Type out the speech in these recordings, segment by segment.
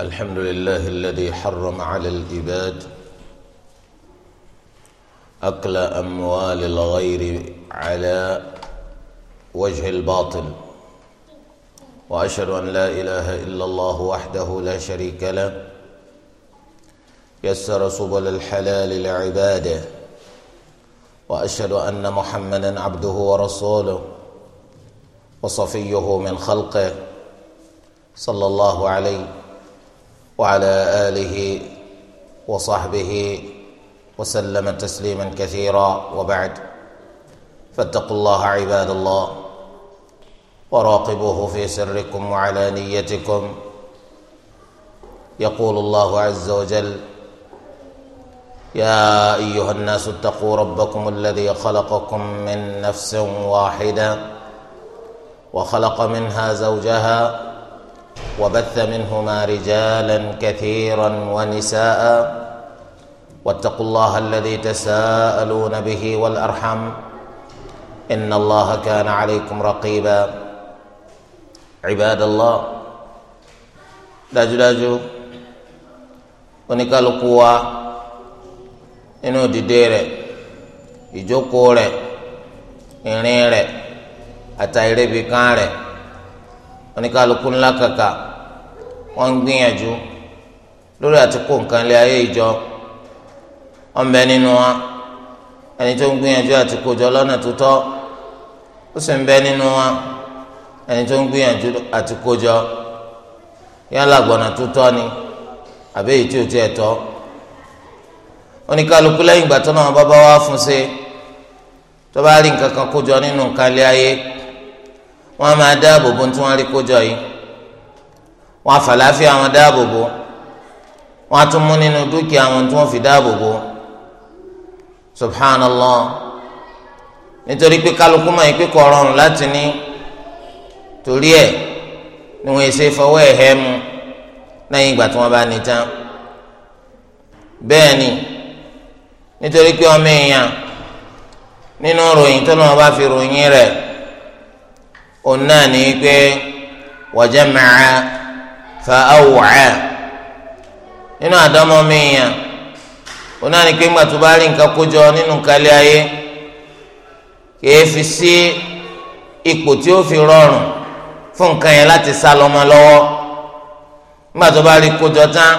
الحمد لله الذي حرم على العباد أكل أموال الغير على وجه الباطل وأشهد أن لا إله إلا الله وحده لا شريك له يسر سبل الحلال لعباده وأشهد أن محمدا عبده ورسوله وصفيه من خلقه صلى الله عليه وعلى آله وصحبه وسلم تسليما كثيرا وبعد فاتقوا الله عباد الله وراقبوه في سركم وعلى نيتكم يقول الله عز وجل يا ايها الناس اتقوا ربكم الذي خلقكم من نفس واحده وخلق منها زوجها وبث منهما رجالا كثيرا ونساء واتقوا الله الذي تساءلون به والارحم ان الله كان عليكم رقيبا عباد الله dájúdájú oníkálukú wa inú انو rẹ̀ ìjókòó rẹ̀ ìrìn rẹ̀ àtàìrẹ́bìkan rẹ̀ oníkàlùkù ńlá kàkà wọn ń gbìyànjú lórí àti kó nǹkan lé ayé ìjọ ọmọbẹ nínú wa ẹni tó ń gbìyànjú àti kójọ lọ́nà tó tọ́ ó sì ń bẹ nínú wa ẹni tó ń gbìyànjú àti kójọ yálà gbọ̀nà tó tọ́ ni àbí èyí tí ò tiẹ̀ tọ́ oníkàlùkù lẹ́yìn ìgbà tó náà bá bá wá fún ṣe tó bá rí nǹkan kan kójọ nínú nǹkan lé ayé wọ́n á máa dáàbò bo tí wọ́n rí kójọ yìí wọ́n á fàlàáfíà wọn dáàbò bo wọ́n á tún mú nínú dúkìá wọn tí wọ́n fi dáàbò bo subhanallah nítorí pé kálukú máa ń pè kọ́ ọ̀rọ̀rùn láti ní torí ẹ̀ ni wọ́n ṣe fọwọ́ ẹ̀ hẹ́ mu lẹ́yìn ìgbà tí wọ́n bá ní tán bẹ́ẹ̀ ni nítorí pé ọmọ èèyàn nínú ròyìn tó lọ́wọ́ bá fi ròyìn rẹ̀. òun náà ike pé wajama'a fa aw'a nínú àdámọ́ mìíràn òun náà ní pé ńgbà tó bá rí nǹkan kójọ nínú kálí ayé kìí fi sí tí o fi rọrùn fún nǹkan yẹn láti sá lọ́mọ lọ́wọ́ nígbà tó bá rí kójọ tán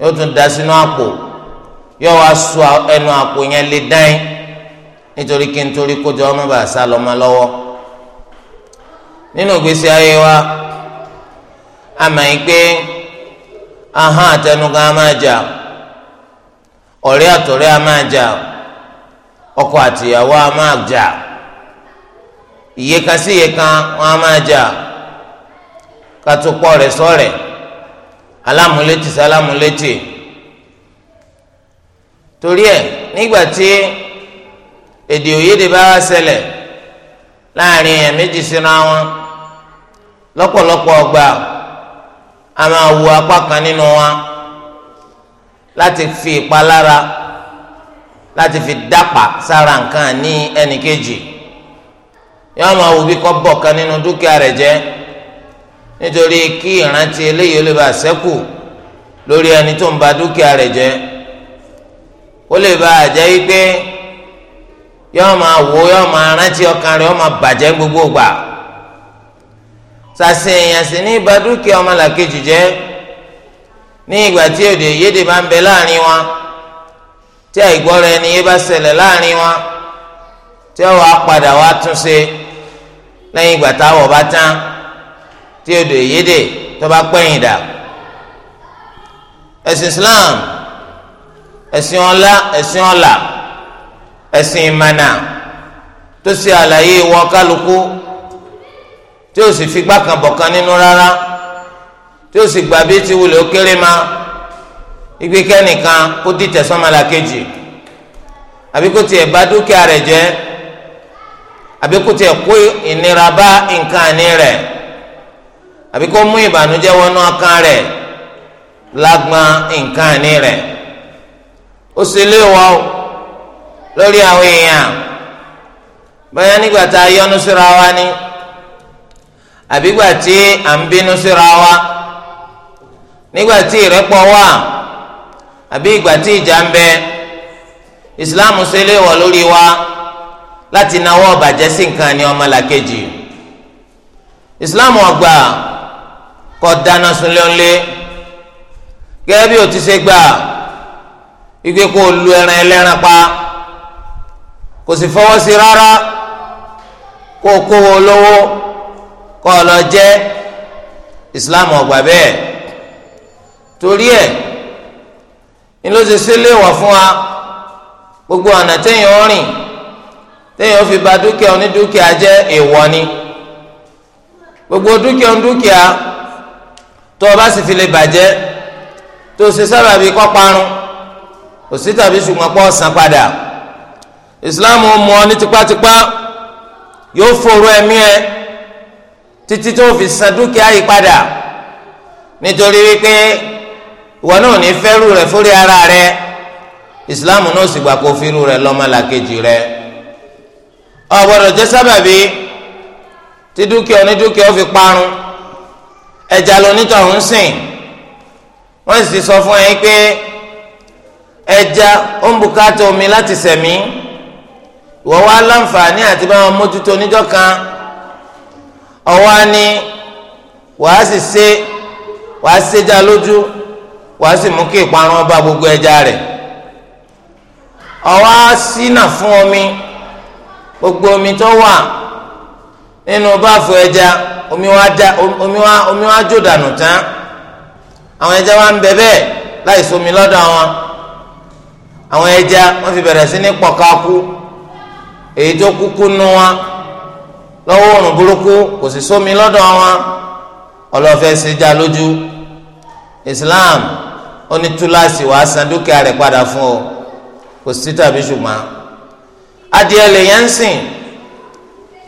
yóò tún da sínú àpò yóò wá so ẹnu àpò yẹn lé dáin nítorí kí n torí ọmọ bá sá lọ́mọ lọ́wọ́. nínú ìgbésí ayé wa a mọ̀ yín pé ahọ́n àtẹnugan a máa jà ọ̀rẹ́ àtọ̀rẹ́ a máa jà ọkọ àtìyàwó a máa jà ìyèkan sí ìyèkan wọn a máa jà katukpọ rẹ̀ sọ̀rẹ̀ alámúlétì sálámúlétì torí ẹ̀ nígbà tí èdè bá wá ṣẹlẹ̀ láàrin ẹ̀ méjì sínú àwọn lọ́pọ̀lọpọ̀ ọgbà a máa wo apá kan nínú wa láti fi ìpalára láti fi dápà sára nǹkan ní ẹnìkejì yóò máa wo bí kò bọ̀ kan nínú dúkìá rẹ̀ jẹ́ nítorí kí ìrántí eléyìí ó lè bá ṣẹ́kù lórí ẹni tó ń ba dúkìá rẹ̀ jẹ́ ó lè bá àjẹ́ yí pé yóò máa wò yóò máa rántí ọkàn rẹ̀ yóò máa bàjẹ́ gbogbo gbà sàṣẹ èèyàn sì ní ba dúkìá ọmọlàkejì ní ìgbà tí èdè ìyédè bá ń bẹ láàrin wọn tí àìgbọ́ra ẹni yé bá ṣẹlẹ̀ láàrin wọn tí ó wàá padà wá túnṣe lẹ́yìn ìgbà táwọ̀ bá tán tí èdè ìyédè tó bá pẹ́yìn dà ẹ̀sìn Islam ẹ̀sìn ọlá ẹ̀sìn ọlà ẹ̀sìn ìmànà tó ṣe àlàyé ìwọ kálukú. tí o sì fi gbàkan bọ̀kan nínú rárá tí o sì gbà bí ti wulẹ̀ ó kéré ma igbe kẹ́nìkan kó dìtẹ̀ sọ́mọ́lá kejì àbí kó tiẹ̀ bá dúkìá rẹ̀ jẹ́ àbí kó tiẹ̀ kó ìnira bá nǹkan àní rẹ̀ àbí kó mú ìbànújẹ́ wọnú ọkàn rẹ̀ lágbọn nǹkan àní rẹ̀ ó sì léwọ́ lórí àwọn èèyàn nígbà tá a yọnu síra wa ni. àbígbà tí à ń bínú síra wa nígbà tí ìrẹ́pọ̀ wà àbí ìgbà ìjà ń bẹ Islam ṣe léèwọ̀ lórí wa láti náwó ọ̀bàjẹ́ sí nǹkan ni ọmọlàkejì Islam ọgbà kọ dáná sunlé ńlé gẹ́gẹ́ bí o ti ṣe gbà igbe kó lu ẹran ẹlẹ́ran pa kò sì fọwọ́ sí rárá kó kówó olówó kọ́ ọ lọ jẹ́ islam ọgbà bẹ́ẹ̀ torí ẹ̀ ni ló ṣe sílé wọ̀ fún wa gbogbo ọ̀nà téèyàn rìn téèyàn fi ba dúkìá onídúkìá jẹ́ èèwọ̀ ni gbogbo dúkìá onídúkìá tó o bá sì fi lè bàjẹ́ tó o ṣe sábàbí kọ́ parun òsì tàbí ṣùgbọ́n pọ̀ san padà islam mọ̀ ní tipátipá yóò fòrò ẹ̀mí ẹ̀. E títí tó fi san dúkìá yìí padà nítorí wípé ìwọ náà ní fẹ́rù rẹ̀ fórí ara rẹ̀ ìsìláàmù náà sì gbà kó fírù rẹ̀ lọ́mọlàkejì rẹ̀ ó gbọ́dọ̀ jẹ́ sábàbí tí dúkìá onídúkìá ó fi parun ẹja lonítọ̀hún sìn wọ́n sì sọ fún yín pé ẹja ó ń bùkátà omi láti sẹ̀mí ìwọ wá láǹfààní àti báwọn mójútó oníjọ́ kan. ọwọ́ ni wàá sì ṣe wàá ṣèjà lójú wàá sì mú kí ìparun ọba gbogbo ẹja rẹ̀ ọwọ́ sínà fún omi gbogbo omi tó wà nínú báàfù ẹja omi wa da tán àwọn ẹja wa ń bẹ bẹ́ẹ̀ láì sómi lọ́dọ̀ wọn àwọn ẹja wọ́n fi bẹ̀rẹ̀ sí ní èyí tó kúkú lọ́wọ́ òrùn burúkú kò sì sómi lọ́dọ̀ wọn ọlọ́fẹ́ ṣe já lójú Islam ó ní túláàsì wàá san dúkìá rẹ̀ padà fún ọ kò sí tàbí ṣùgbọ́n adìẹ lèyẹn ń sìn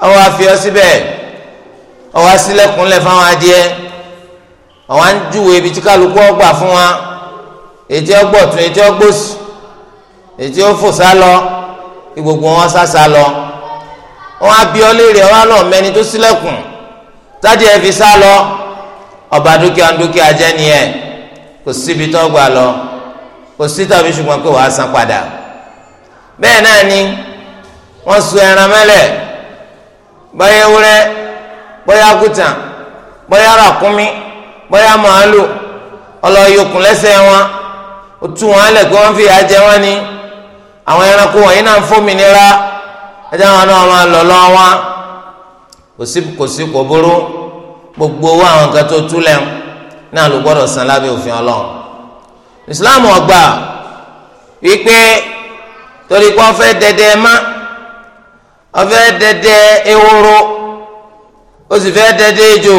ọwọ́ àfihàn síbẹ̀ ọwọ́ àsílẹ̀kùnlẹ̀ fáwọn adìẹ ọwọ́ à ń júwèé ibi tí kálukú ọgbà fún wa ètí ọgbọ̀tún ètí ọgbòsì ètí ó fò sálọ gbogbo wọn sá sálọ. wọn abiọlé rẹ wọn lọ mẹni tó sílẹkùn tádìí ẹ fi sá lọ ọba dúkìá dúkìá jẹ nìyẹn kò síbi tó gbà lọ kò sí tàbí ṣùgbọ́n pé wàá san padà bẹ́ẹ̀ náà ni wọ́n so ẹran mẹ́lẹ̀ bóyá kùtàn ràkúnmí màálù wọn wọn fi jẹ ni àwọn ẹranko náà ẹjẹ àwọn náà máa lọ lọ́wọ́ wá kò sí kò sí kò burú gbogbo owó àwọn nǹkan tó túlẹ̀ náà ló gbọ́dọ̀ san lábẹ́ òfin ọlọ́run islam ọgbà wípé torí pé ọfẹ́ dẹdẹ má ọfẹ́ dẹdẹ ehoro ó sì fẹ́ dẹdẹ ejò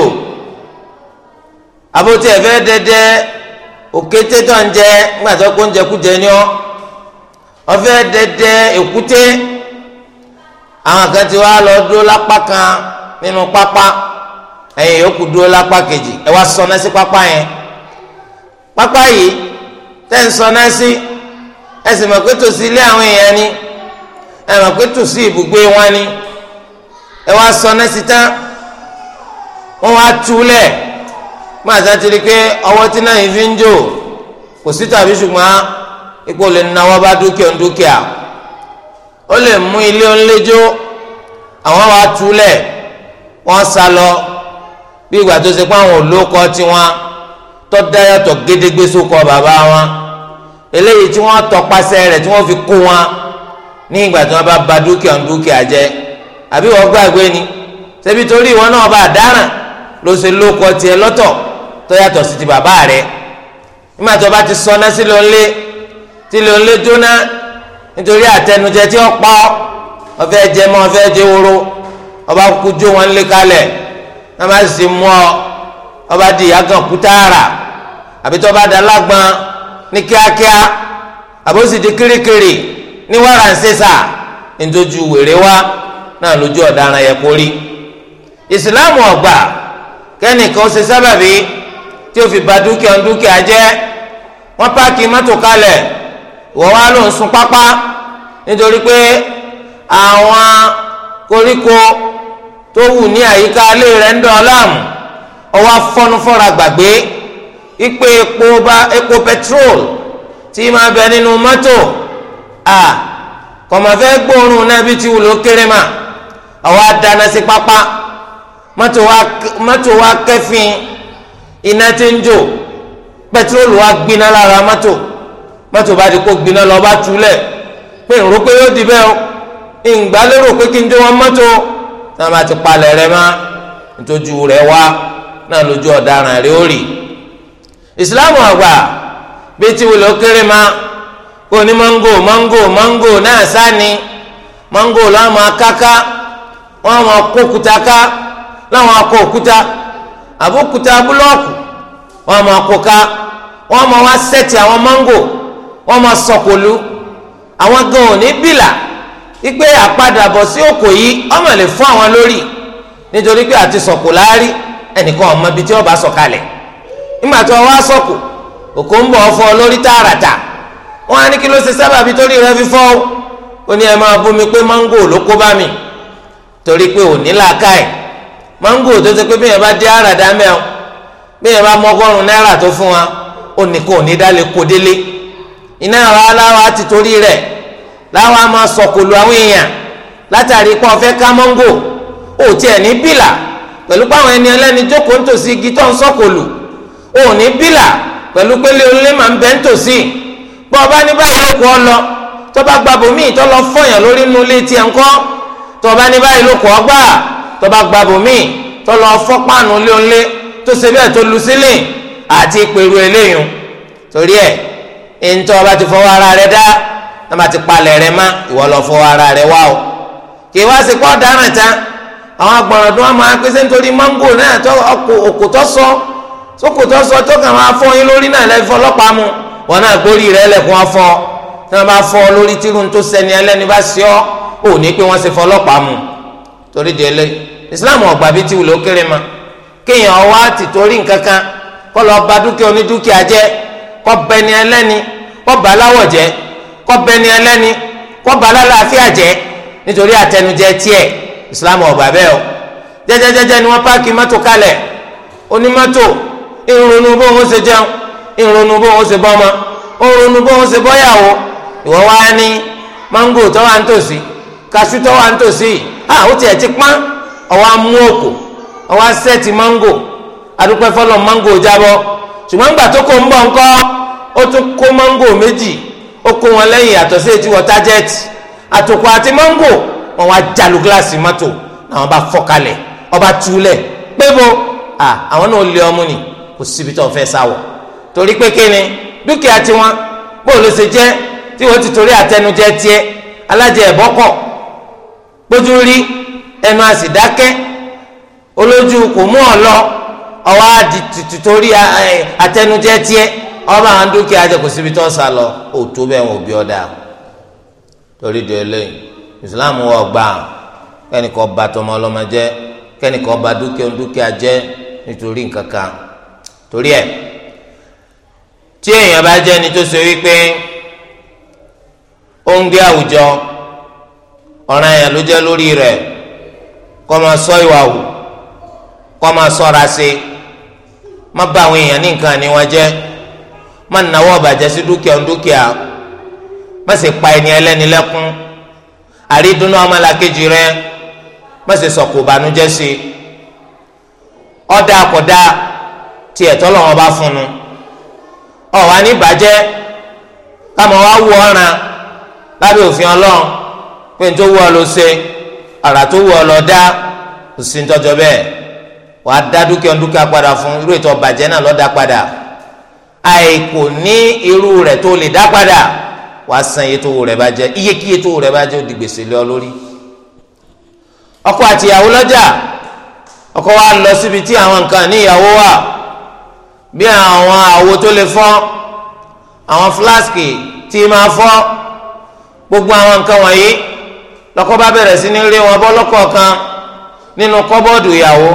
àbótí ẹ̀fẹ́ dẹdẹ òkété tó ń jẹ ń jẹ kú jẹ ní àwọn kan ti wá lọ dúró lápá kan nínú pápá ẹ̀yin yòókù dúró lápá kejì ẹ wá sọná sí pápá yẹn pápá yìí tẹ́ ń sọná sí ẹ sì mọ̀ pé tòsí ilé àwọn èèyàn ni ẹ mọ̀ pé tòsí ibùgbé wọn ni ẹ wá sọná sí tán wọ́n wá túlẹ̀ máa sá ti rí i pé ọwọ́ tí náà yìí fi ń jò kò sí tàbí ṣùgbọ́n ipò lè nawọ́ bá dúkìá ń dúkìá ó lè mú ilé ńlẹ́jọ́ àwọn wa túlẹ̀ wọ́n sá lọ bí ìgbà tó ṣe pé àwọn olóko tiwọn tó dáyàtọ̀ gédégbé sókọ bàbá wọn eléyìí tí wọ́n tọpasẹ̀ rẹ̀ tí wọ́n fi kó wọn ní ìgbà tí wọ́n bá ba dúkìá dúkìá jẹ́ àbí wọ́n gbàgbé ni ṣebí torí ìwọ náà bá dáràn ló ṣe lóko tiẹ̀ lọ́tọ̀ tó yàtọ̀ sí ti bàbá rẹ̀ nígbà tó bá ti sọ náà sílẹ̀ ńlẹ́ sílẹ̀ ńlẹ́ jóná nítorí àtẹnujẹ tí ó pọ̀ ọfẹ jẹ mọ ọfẹ jẹ woro ọba kúkú jó wọn lé kalẹ̀ náà má sì mú ọ ọba di ìyàgàn kútààrà àbí tó bá da lágbọn ní kíákíá àbòsì di kirikiri ní wàrà ń sèṣà nítorí wèrè wa náà lójú ọ̀daràn yẹ kó rí ìsìláàmù ọgbà kẹ́nìkan ṣe sábàbí tí ó fi ba dúkìá dúkìá jẹ́ wọ́n páàkì mọ́tò kalẹ̀ wọ́n wá ló ń sun pápá nítorí pé àwọn koríko tó wù ní àyíká ilé rẹ̀ ń dán ọláàmù ọwọ́ afọ́nufọ́ra gbàgbé ipe epo ba epo petrol tí máa bẹ nínú mọ́tò a kọ̀mọ̀fẹ́ gbóòórùn náà bí ti wù ló kéré mà ọwọ́ adáná sí pápá mọ́tò wa mọ́tò wa kẹ́fìn iná ti ń jò pẹtrol wa gbiná lára mọ́tò. mọ́tò bá di kó gbiná lọ bá túlẹ̀ pé ń ro pé yóò di bẹ́ẹ̀ o ìgbà lérò pé kí n jó wọn mọ́tò náà má ti palẹ̀ rẹ má ntójú rẹ wá náà lójú ọ̀daràn rẹ ó rì ìsìláàmù àgbà bíi tí wòlé kéré má kó ní mángò mángò mango náà sáni mángò lọ́wọ́ máa káká wọ́n ká wọ́n máa sọ̀kòlú àwọn gan ò ní bìlà wípé àpadàbọ̀ sí òkò yìí ọmọ lè fún àwọn lórí nítorí pé àti sọ̀kò láárí ẹnìkan ọmọ ibi tí wọ́n bá nígbà tí wá sọ̀kò òkò ń bọ̀ fọ́ lórí tààràtà á ní kí ló ṣe sábàbí torí rẹ ní ẹ máa bú mi pé máńgò ló kó bá mi torí pé iná àwọn aláwọ̀ á ti torí rẹ̀ láwọn á máa sọ̀kòlù àwọn èèyàn látàrí pé ọ̀fẹ́ ká mọ́ngò ò tiẹ̀ ní bìlà pẹ̀lú pé àwọn ẹni ẹlẹ́ni jókòó nítòsí igi tó ń sọ̀kòlù ò ní bìlà pẹ̀lú pé lé olólè máa ń bẹ́ nítòsí pé ọba ní báyìí ló kọ́ ọ lọ tó bá gba bòmíì tó lọ fọyàn lórí inú ilé tiẹ̀ ńkọ́ tó ọba ní báyìí ló kọ́ ọ gbà tó bá gba bòmíì tó lọ fọ́ ntọ́ ọba ti fọwọ́ ara rẹ dá ọba ti palẹ̀ rẹ ma ìwọ lọ fọwọ́ ara rẹ wá o kì í wá sí pọ́ dáràn ta àwọn agbọ̀nràn tó wọn máa nítorí mángò náà tó òkò tó sọ sókò tó sọ tó kàn lórí náà ọlọ́pàá mu wọn náà gbórí rẹ lẹ́kùn afọ tí wọn bá fọ lórí tírú tó sẹni ẹlẹ́ni bá sí ọ ò ní pé wọ́n ṣe fọ ọlọ́pàá mu torí délé Islam ọgbà bíi ti ó kéré ma kéèyàn torí kọ́ lọ́ọ́ ba dúkìá jẹ́ kọbẹni ẹlẹ́ni kọba aláwọ̀ jẹ́ kọbẹni ẹlẹ́ni kọba alálàáfíà jẹ́ nítorí àtẹnujẹ islam ọba ni wọn paaki mọ́tò kalẹ̀ onímọ́tò ìrònú bó ń ṣe jẹun ìrònú bó ń ṣe bọ́mọ ìrònú bó ń ṣe bọ́yàwó ìwọ wá ní mango tó wà nítòsí kaṣú tó wà nítòsí à ó tiẹ̀ ti pọ́n ọwọ́ amú òkò ọwọ́ mango adúpẹ́ fọlọ́ mango jábọ́ ṣùgbọ́n nígbà tó kó ń bọ̀ ńkọ́ ó tún kó mángò méjì ó kó wọn lẹ́yìn àtọ̀ sí etí wọ́n tájẹ́ẹ̀tì àtòkù àti mángò wọn wá jalu gíláàsì mọ́tò àwọn bá fọ́kalẹ̀ ọba túlẹ̀ pé bo àwọn náà lé ọmú ni kò síbi tó fẹ́ sáwọ̀ torí pé kí ni dúkìá tiwọn bó ló ṣe jẹ́ tí wọ́n ti torí àtẹnujẹ tiẹ̀ alájẹ ẹ̀bọ́kọ̀ gbójú rí ẹnu àsìdákẹ́ olójú kò mú ọ lọ ọwọ́ àtìtìtorí àtẹnujẹ tiẹ ọmọ àwọn dúkìá jẹ kò síbi tó sá lọ òtó bẹ́ẹ̀ wọn ò ọ̀dà torí di eléyìí Islam wọ gbà kẹ́nìkan ba tọmọ ọlọ́mọ jẹ́ kẹ́nìkan ba dúkìá dúkìá jẹ́ nítorí nǹkan kan torí ẹ̀ tí èèyàn bá jẹ́ ni tó ṣe wípé ó ń gbé àwùjọ ọ̀ràn ló má bá àwọn èèyàn ní nǹkan àní wọn jẹ má náwó ọ̀bàjẹ́ sí dúkìá dúkìá má sì pa ẹni ẹlẹ́ni lẹ́kún àrídùnnú ọmọlàkejì rẹ má sì sọ̀kò ìbànújẹ́ sí i ọ̀dà àkọ́dà tí ẹ̀tọ́ lọ́wọ́n bá fún un ọ̀wá ní ìbàjẹ́ káma wá wú ọ̀ràn lábẹ́ òfin ọlọ́run pé n tó wú ọ lọ ṣe àrà tó wú ọ lọ dá òsì ń tọ́jọ bẹ́ẹ̀ wàá dá dúkìá dúkìá padà fún irú ètò ọ̀bàjẹ́ náà lọ́ọ́ dá padà àìkò ní irú rẹ̀ tó lè dá padà wàá san iye tó wù rẹ̀ bá jẹ́ iye kí iye tó wù rẹ̀ bá jẹ́ ó di gbèsè lé ọ lórí ọkọ àti ìyàwó lọ́jà ọkọ wa lọ síbi tí àwọn nǹkan ní ìyàwó wà bí àwọn àwo tó lè fọ́ àwọn fúláṣkì tí máa fọ́ gbogbo àwọn nǹkan wọ̀nyí lọ́kọ bá bẹ̀rẹ̀ sí ní rí wọn bọ́ lọ́kọ̀ọ̀kan nínú kọ́bọ́ọ̀dù ìyàwó.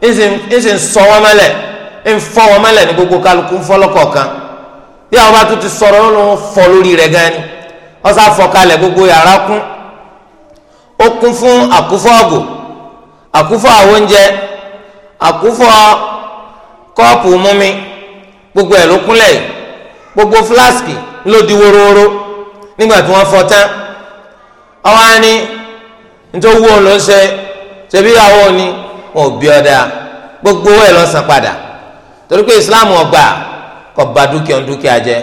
ẹsẹ̀ ń sọ wọn mẹ́lẹ̀ ń fọ́ wọn mẹ́lẹ̀ ní gbogbo kálukú ń bí àwọn bá ti sọrọ ló ń lórí ni sá gbogbo yàrá kún ó kún fún àkúfọ́ ọ̀gò àkúfọ́ àwọn oúnjẹ mumi gbogbo ẹ̀ ló gbogbo flask ló di nígbà tí tán wọn ò bí ọdá gbogbo owó ẹ lọ san padà torí pé islam ọgbà kò bà dúkìá dúkìá jẹ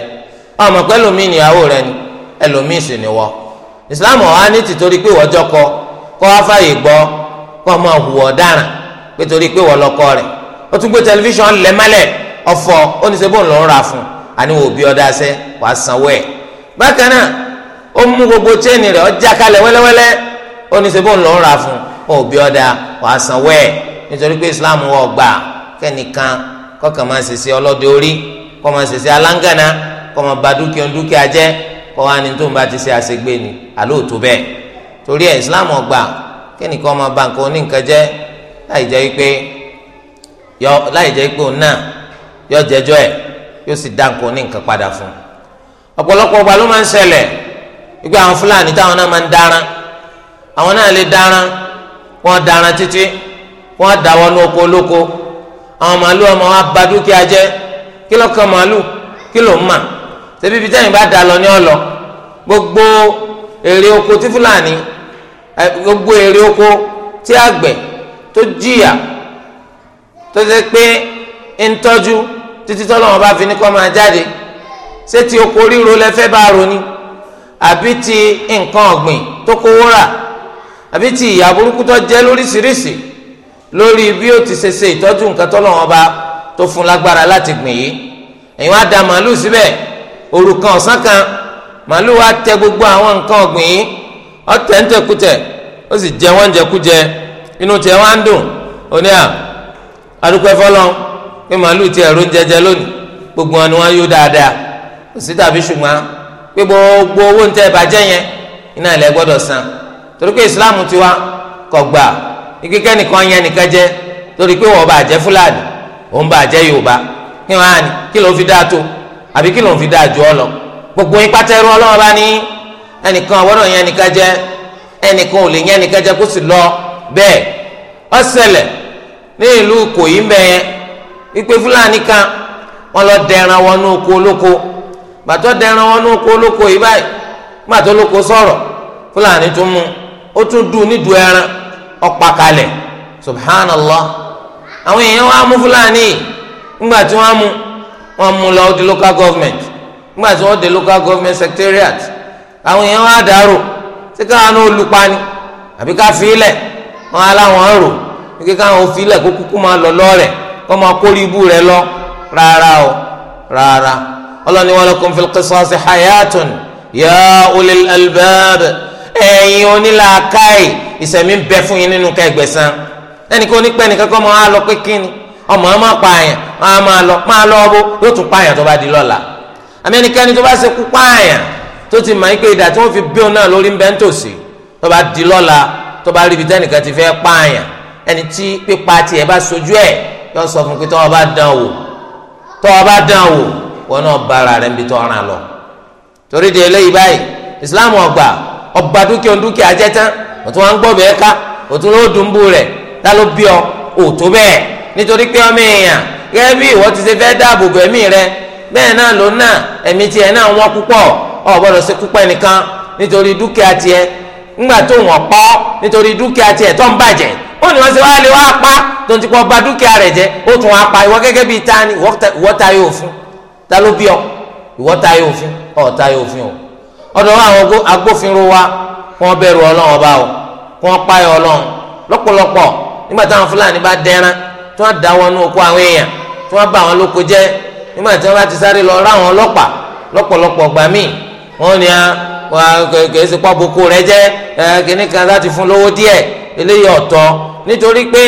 ọmọ pé ẹlòmíì níyàwó rẹ ni ẹlòmíì sì ni wọ islam ọ̀hán ní tìtorí pé wọ́n jọkọ kọ́ wá fàyè gbọ́ kọ́ ọmọ hùwà ọ̀daràn pé torí pé wọ́n lọ́kọ rẹ̀ ó tún gbé tẹlifíṣàn lẹ́mọ́lẹ̀ ọ̀fọ̀ ó ní sẹ́bùn ló ra fún àní wò bí ọdá sẹ́ wàá sanwó ẹ̀ bákan náà ó mú gbogbo chain rẹ̀ ọjà kalẹ̀ wẹ́lẹ́wẹ́lẹ́ ó ní sẹ́bùn ló ra fún òbí ọ̀dà wàá sanwó ẹ̀ nítorí pé islam wọ̀ gbà kẹ́nìkan kọ́kàn máa ṣèṣe ọlọ́dẹ orí kọ́ máa ṣèṣe aláǹgànà kọ́ máa ba dúkìá dúkìá jẹ́ kọ́ wá ní tó ń bá ti ṣe àṣegbè ni àlóòtú bẹ́ẹ̀ torí ẹ̀ islam ọ̀ gbà kẹ́nìkan máa ba nǹkan oníǹkan jẹ́ láì jẹ́ pé láì jẹ́ pé òun náà yọ jẹjọ́ ẹ̀ yóò sì dá nǹkan oníǹkan padà fún un ọ̀pọ̀lọpọ̀ ọgbà ló máa ń ṣẹlẹ̀ ìgbà àwọn fúlàní táwọn náà máa ń dáná àwọn náà lè dáná wọ́n daran titi wọ́n dáwọ́ ní oko olóko àwọn màálù ọmọ wa ba dúkìá jẹ́ kí ló kan màálù kí ló ń mà ṣebí ibi tẹ́yìn bá dà lọ ní ọlọ gbogbo èrè oko tí fúlàní gbogbo èrè oko tí àgbẹ̀ tó jìyà tó ṣe pé ń tọ́jú títí tọ́lọ́wọ́n bá fi ní kọ́ máa jáde ṣé ti oko ríro lẹ bá ronú àbí ti nǹkan ọ̀gbìn tó kówó rà àbí ti ìyà burúkú tó jẹ lóríṣiríṣi lórí bí ó ti ṣe ṣe ìtọ́jú nǹkan tọ́lọ́wọ́n bá tó fún lágbára láti gbìn yìí ẹ̀yin wá da màálù síbẹ̀ òru kan ọ̀sán kan màálù wá tẹ gbogbo àwọn nǹkan ọ̀gbìn yìí ọ̀tẹ̀ ń tẹ̀kútẹ̀ ó sì jẹ wọ́n jẹkújẹ inú tiẹ̀ wá ń dùn òní à adúpẹ́ fọlọ́n pé màálù tiẹ̀ ló ń jẹjẹ lónìí gbogbo wọn ni wọ́n yó dáadáa kò sí tàbí ṣùgbọ́n pé gbogbo owó ń tẹ́ bàjẹ́ yẹn iná ilẹ̀ gbọ́dọ̀ san torí pé islam tiwa wá gbà ike kẹ́nìkan yẹn nìkan jẹ́ torí pé wọ́n bá jẹ́ fúlàní òun bá jẹ́ yorùbá kí wọ́n á ní kí fi dáa tó àbí kí ló fi dáa ju ọ lọ gbogbo bá ní ẹnìkan àwọ̀dọ̀ yẹn nìkan jẹ́ ẹnìkan ò lè yẹn nìkan jẹ́ kó sì lọ bẹ́ẹ̀ ní ìlú ń kan wọ́n lọ dẹran wọnú oko olóko gbàtọ́ ó tún dùn ní dùn ẹran ọ̀pá kalẹ̀ subhanallah àwọn èèyàn wa mú fúlàní ńgbà tí wọ́n mú wọ́n mú lọ di local government ńgbà tí wọ́n di local government secretariat àwọn èèyàn wa dàrú sí káwọn náà lupani àbí ká filẹ̀ wọn aláwọn rò kíkẹ́ káwọn filẹ̀ kó kúkú máa lọ lọ́rẹ̀ kó máa kórè ibú rẹ̀ lọ rárá o rárá ọlọ́ni walakum fil qisasi hayatun ya ulil albab ẹ̀yin onílàákàyè ìsẹ̀mí ń bẹ fún yín nínú kẹgbẹ̀sán ẹnìkan onípẹ́ nìkan kọ́ máa lọ pé kíni ọmọ pa pààyàn máa máa lọ máa lọ ọbọ yóò tún pààyàn tó bá di lọ́la àmì ẹnikẹ́ni tó bá ṣe kú pààyàn tó ti mọ̀ pé ìdá tí wọ́n fi bí òun náà lórí ń bẹ́ ń tòsí tó bá di lọ́la tó bá rí ibi tẹ́nìkan ti fẹ́ pààyàn ẹni tí pípa tiẹ̀ bá sojú ẹ̀ yóò sọ fún pé tọ́wọ́ bá dán wò tọ́wọ́ bá dán wò wọn náà bára rẹ̀ ń bi tọ́ ọ̀ràn lọ torí de eléyìí báyìí ìsìláàmù ọgbà ọba dúkìá dúkìá jẹ tán òtún wọn gbọ́ bẹ́ẹ̀ ká òtún ló nítorí pé ọmọ èèyàn gẹ́gẹ́ bí ìwọ ti ṣe fẹ́ dáàbò rẹ bẹ́ẹ̀ náà ló ẹ̀mí tiẹ̀ náà wọ́n púpọ̀ ọ̀ gbọ́dọ̀ ṣe púpọ̀ nìkan nítorí dúkìá tiẹ̀ ńgbà tó wọ́n nítorí dúkìá tiẹ̀ tó ń bàjẹ́ ti pọ̀ ba dúkìá rẹ̀ jẹ́ ó tún gẹ́gẹ́ ta ọ ọ̀ ọ̀dọ̀ àwọn agbófinró wa kó wọn bẹ̀rù Ọlọ́run ọba o kó wọn páyọ Ọlọ́run lọ́pọ̀lọpọ̀ nígbà táwọn Fúlàní bá dẹran tí wọn da wọn nú oko àwọn èèyàn tí wọn bá àwọn lóko jẹ nígbà tí wọn bá ti sáré lọ ráwọn ọlọ́pàá lọ́pọ̀lọpọ̀ gbà míì wọn ni kèé sepọ boko rẹ jẹ kíní kan láti fún lówó díẹ̀ eléyìí ọ̀tọ̀ nítorí pé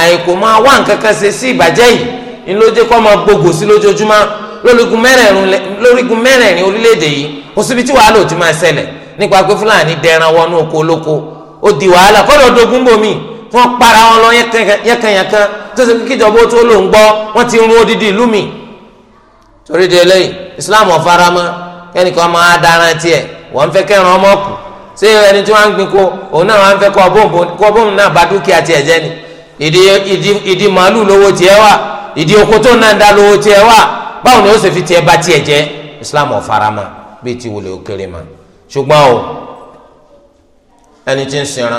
àìkò máa wá nǹkan kan ṣe sí ìbàjẹ́ yìí ni ló jẹ́ kó máa gbogbo sí lójoojúmọ́ lórígun mẹ́rẹ̀ẹ̀rin orílẹ̀-èdè yìí kò síbi tí wàhálà ò ti máa ṣẹlẹ̀ nípa pé fúlàní dẹran wọnú oko olóko ó di wàhálà kọ́dọ̀ dogun bomi tí wọ́n para wọn lọ yẹ́kànyẹ́kàn tó ṣe kíjọba ó tó lò ń gbọ́ wọ́n ti rún odidi ìlú mi torí de eléyìí Islam ọ̀farama kẹ́nìkan máa dáná tiẹ̀ wọ́n fẹ́ kẹ́ran ọmọ kù ṣé ẹni tí wọ́n ń gbin kó òun náà wọ́n fẹ́ kọ́ bóun náà bá dúkìá tiẹ̀ jẹ́ ni ìdí ìdí màálù lówó tiẹ̀ wà ìdí oko náà ń dá lówó tiẹ̀ wà báwo ni ó sì fi tiẹ̀ bá tiẹ̀ jẹ́ Islam ọ̀farama. bíi ti wòlé òkèrè ma ṣùgbọ́n o ẹni tí ń sinra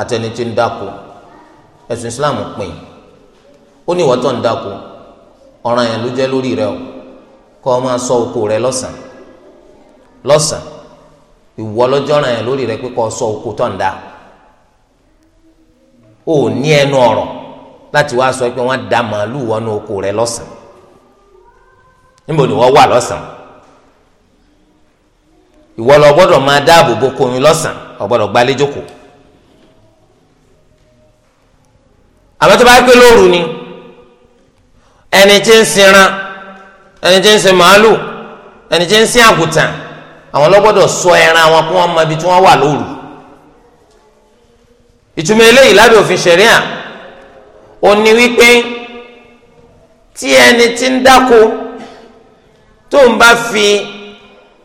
àti ẹni tí ń dáko ẹ̀sùn islam pín ó ní ń ọ̀ràn yẹn ló jẹ́ rẹ ọ máa sọ oko rẹ lọ́sàn lọ́sàn ìwọ lọ́jọ́ yẹn lórí rẹ pé kọ́ ọ oko tó ń o ní ẹnu ọ̀rọ̀ láti wá sọ rẹ lọ́sàn wà lọ́sàn ìwọ lọ gbọ́dọ̀ máa dáàbò bo koyún lọ́sàn ọ gbọ́dọ̀ gbalé jókòó àmọ́ tó bá pé lóru ni ẹni tí ń sinra ẹni tí ń sin màálù ẹni tí ń sin àgùntàn àwọn ló sọ ẹran wọn kó wọn mọ ibi tí wọ́n wà lóru ìtumọ̀ eléyìí lábẹ́ òfin ṣẹ̀ríà ó ní wípé tí ẹni tí ń dáko tó ń bá fi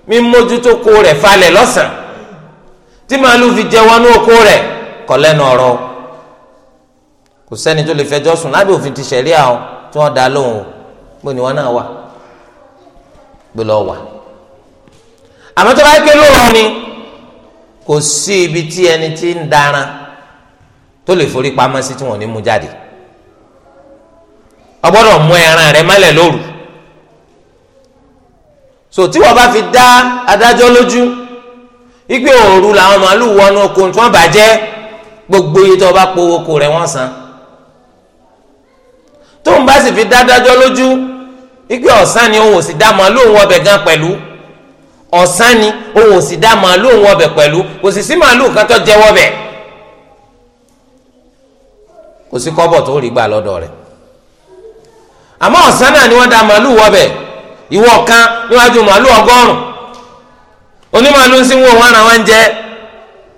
mímójútó kó rẹ falẹ lọ́sàn tí màálù fi jẹ wọnú oko rẹ̀ kọ́ lẹ́nu ọ̀rọ̀ kò sẹ́ni tó lè fẹjọ́ sùn lábẹ́ òfin ti ṣẹ̀ríà o tí wọ́n dá lóhùn pé ni wọ́n náà wà wà tó bá ni kò sí ibi tí ẹni tí ń daran tó lè forí pamọ́ sí tí wọ́n ní mú jáde mú ẹran so tí wọ́n bá fi dá adájọ́ lójú igbe òru làwọn màálù wọnú oko tí wọ́n bàjẹ́ gbogbo iye tó bá powó oko rẹ̀ wọ́n san tó ń bá sì fi dá adájọ́ lójú igbe ọ̀sán ni òun ò sì dá màálù òun ọbẹ̀ gan pẹ̀lú ọ̀sán ni òun ò sì dá màálù òun ọbẹ̀ pẹ̀lú kò sì sí màálù kan tó jẹ́wọ́ bẹ̀ kò sí kọ́bọ̀ tó rí gbà lọ́dọ̀ rẹ̀ àmọ́ ọ̀sán náà ni wọ́n dá màálù wọ́bẹ̀ ìwọ kan níwájú màálù ọgọ́rùn onímàálù ń sin wọn wọn ara wọn jẹ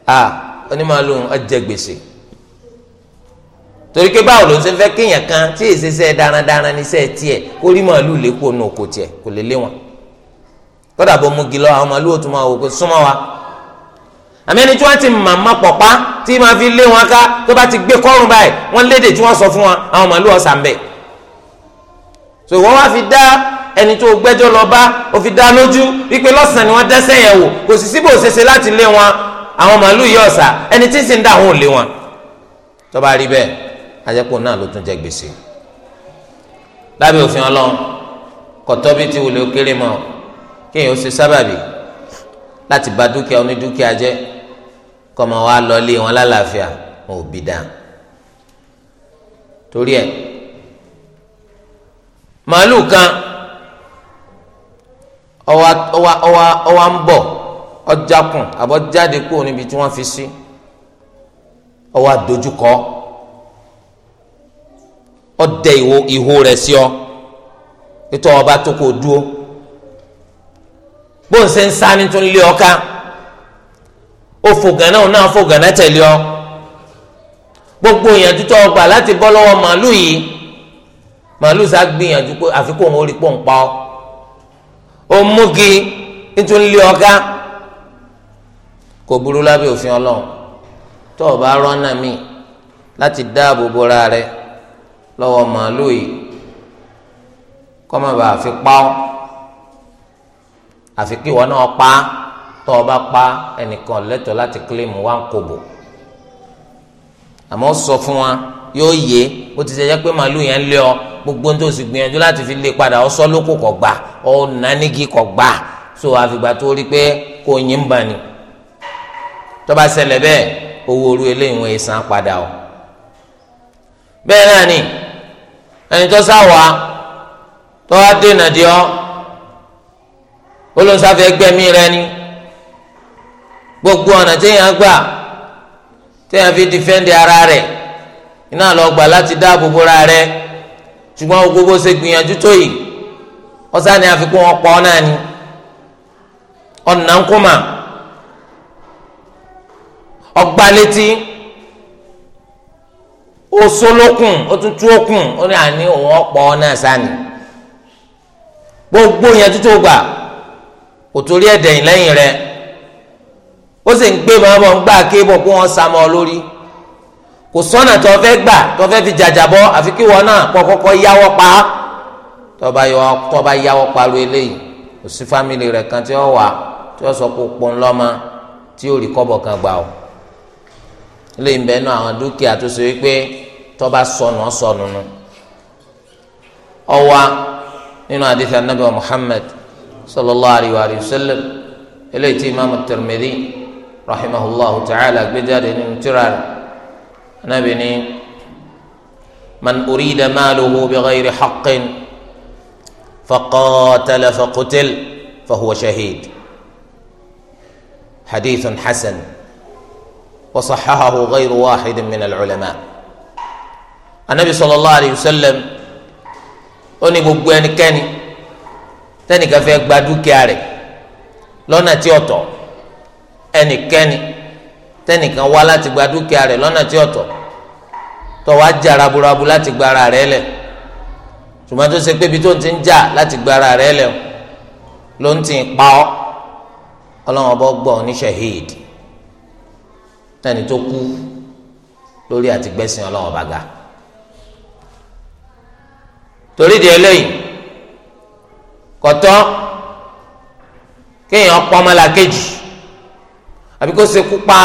à onímàálù ọjẹ gbèsè torí pé báwo ló ń ṣe fẹ́ kéèyàn kan tí èsì sẹ́ darandaran ní sẹ́ tiẹ̀ kó rí màálù lẹ́kọ̀ọ́ nù kò tiẹ̀ kò lè lé wọn kódà bó mu gilọ àwọn màálù òtún máa wò pé súnmọ́ wa àmì ẹni tí wọ́n ti màmá pọ̀pá tí máa fi lé wọn ká tó bá ti gbé kọ́rùn báyìí wọ́n léde tí wọ́n sọ fún wọn àwọn màálù ọ̀sà ń so wọ́n wá fi dá ẹni tó gbẹ́jọ́ lọ bá ó fi dá lójú wípé lọ́sàn-án ni wọ́n dẹ́sẹ̀ yẹn wò kò sì síbò ṣeṣe láti lé wọn àwọn màálù yìí ọ̀sà ẹni tí ń sì ń dà wọn ò lé wọn. tó rí bẹ́ẹ̀ ajẹ́pọ̀ náà ló tún jẹ gbèsè lábẹ́ òfin ọlọ́run kọ̀tọ́ bí ti wùlé kéré mọ́ kéèyàn ó ṣe sábàbí láti bà dúkìá onídúkìá jẹ́ kọ́mọ wa lọ lé wọn lálàáfíà wọn ò bí dáa torí ẹ̀ màálù kan ọwa ọwa ọwa ọwa ń bọ̀ ọjàkùn àbọ̀ jáde kúrò níbi tí wọ́n fi sí ọwa dojúkọ ọdẹ ìwo ìho rẹ̀ sí ọ ètò ọba tó kò dúró bó ń ṣe ń sá ní tó ń lé ọ ká ó fò gànà òun náà fò gànà tẹ̀lé ọ gbogbo ìyànjú tó ọgbà láti bọ́ lọ́wọ́ màálù yìí màálù sá gbìyànjú pé àfikún òun ó rí pọ̀ ń pa ọ́. Omugi nítorí ọ̀gá kò burú lábẹ́ òfin ọlọ́run tó o bá rọ́nà mí láti dáàbò bora rẹ lọ́wọ́ màálù yìí kọ́ má bàa fi pa ọ́ àfi kí ìwọ náà pa tó o bá pa ẹnìkan lẹ́tọ̀ọ́ láti kílèmù wá ń kobo àmọ́ sọ fún wa yóò yé o ti ṣẹjẹ pé màálù yẹn lé ọ gbogbo tó sì gbìyànjú láti fi lé padà ọsọ lóko kọ gbà ọ nánigi kọ gbà so àfìgbà tó rí pé kò yín bà ní tó bá ṣẹlẹ̀ owó orí eléyìí wọn èsàn padà o bẹ́ẹ̀ náà ni ẹni tó sáwà tó wá dènà di ọ olùsáfẹ́ gbẹ̀mí rẹ ni gbogbo ọ̀nà téèyàn gbà téèyàn fi dìfẹ́ǹdì ara rẹ̀ iná lọ gbà láti dáàbò bóra rẹ ṣùgbọ́n gbogbo ṣe gbìyànjú tó yìí ọ̀sán ni àfikún ọ̀pọ̀ náà ni ọ̀nà ń ọgbà létí osolókun otutuokun ó ní àní òun ọ̀pọ̀ náà sani gbogbo yẹn tó gbà kò torí ẹ̀dẹ̀yìn lẹ́yìn rẹ ó sì ń gbé màmá ń gbà kébọ̀ kó wọ́n sá mọ́ kò sọ́nà tó fẹ́ gbà tó fẹ́ fi jàjàbọ́ àfi kí wọn náà kọ́ kọ́kọ́ yáwọ́ pa tọ́ba tọ́ba yáwọ́ paru eléyìí kò sí fámìlì rẹ̀ kan tí ó wà tí ó sọ kó pọ́n lọ́mọ tí ó rí kọ́bọ̀ kan gbà ó ilé ìbẹ́ náà àwọn dúkìá tó ṣe wípé tọ́ba sọnù ọ̀sọnù nu ọwa nínú àdìsí anábì wa Muhammad sallallahu alayhi wa sallam eléyìí tí imaamu Tirmidhi rahimahullahu ta'ala gbé jáde nínú tírà rẹ̀ anabi ni man urida maaluhu bighayri haqqin faqatala faqutil fahuwa shahid hadithun hasan wasaxahahu ghayru waaxidin min alculama anabi sallallahu alayhi wa sallam ó ní gbogbo ẹnikẹ́ni tẹ́nìkan fẹ́ gba dúkìá rẹ̀ lọ́nà tí ọ̀tọ̀ ẹnikẹ́ni tẹnìkan wá láti gba dúkìá rẹ̀ lọ́nà tí ọ̀tọ̀ tó wá jà raburabu láti gba ara rẹ̀ lẹ̀ ṣùgbọ́n tó ṣe pé ibi tó ń ti ń jà láti gba ara rẹ̀ lẹ̀ ló ń ti pa ọ́ ọlọ́run ọba gbọ́ ọ tẹni tó kú lórí àtìgbẹ́sìn ọlọ́run ọba ga torí di eléyìí kọ̀tọ́ kéèyàn pọ́nmọ́lá kejì àbí kó ṣekú pa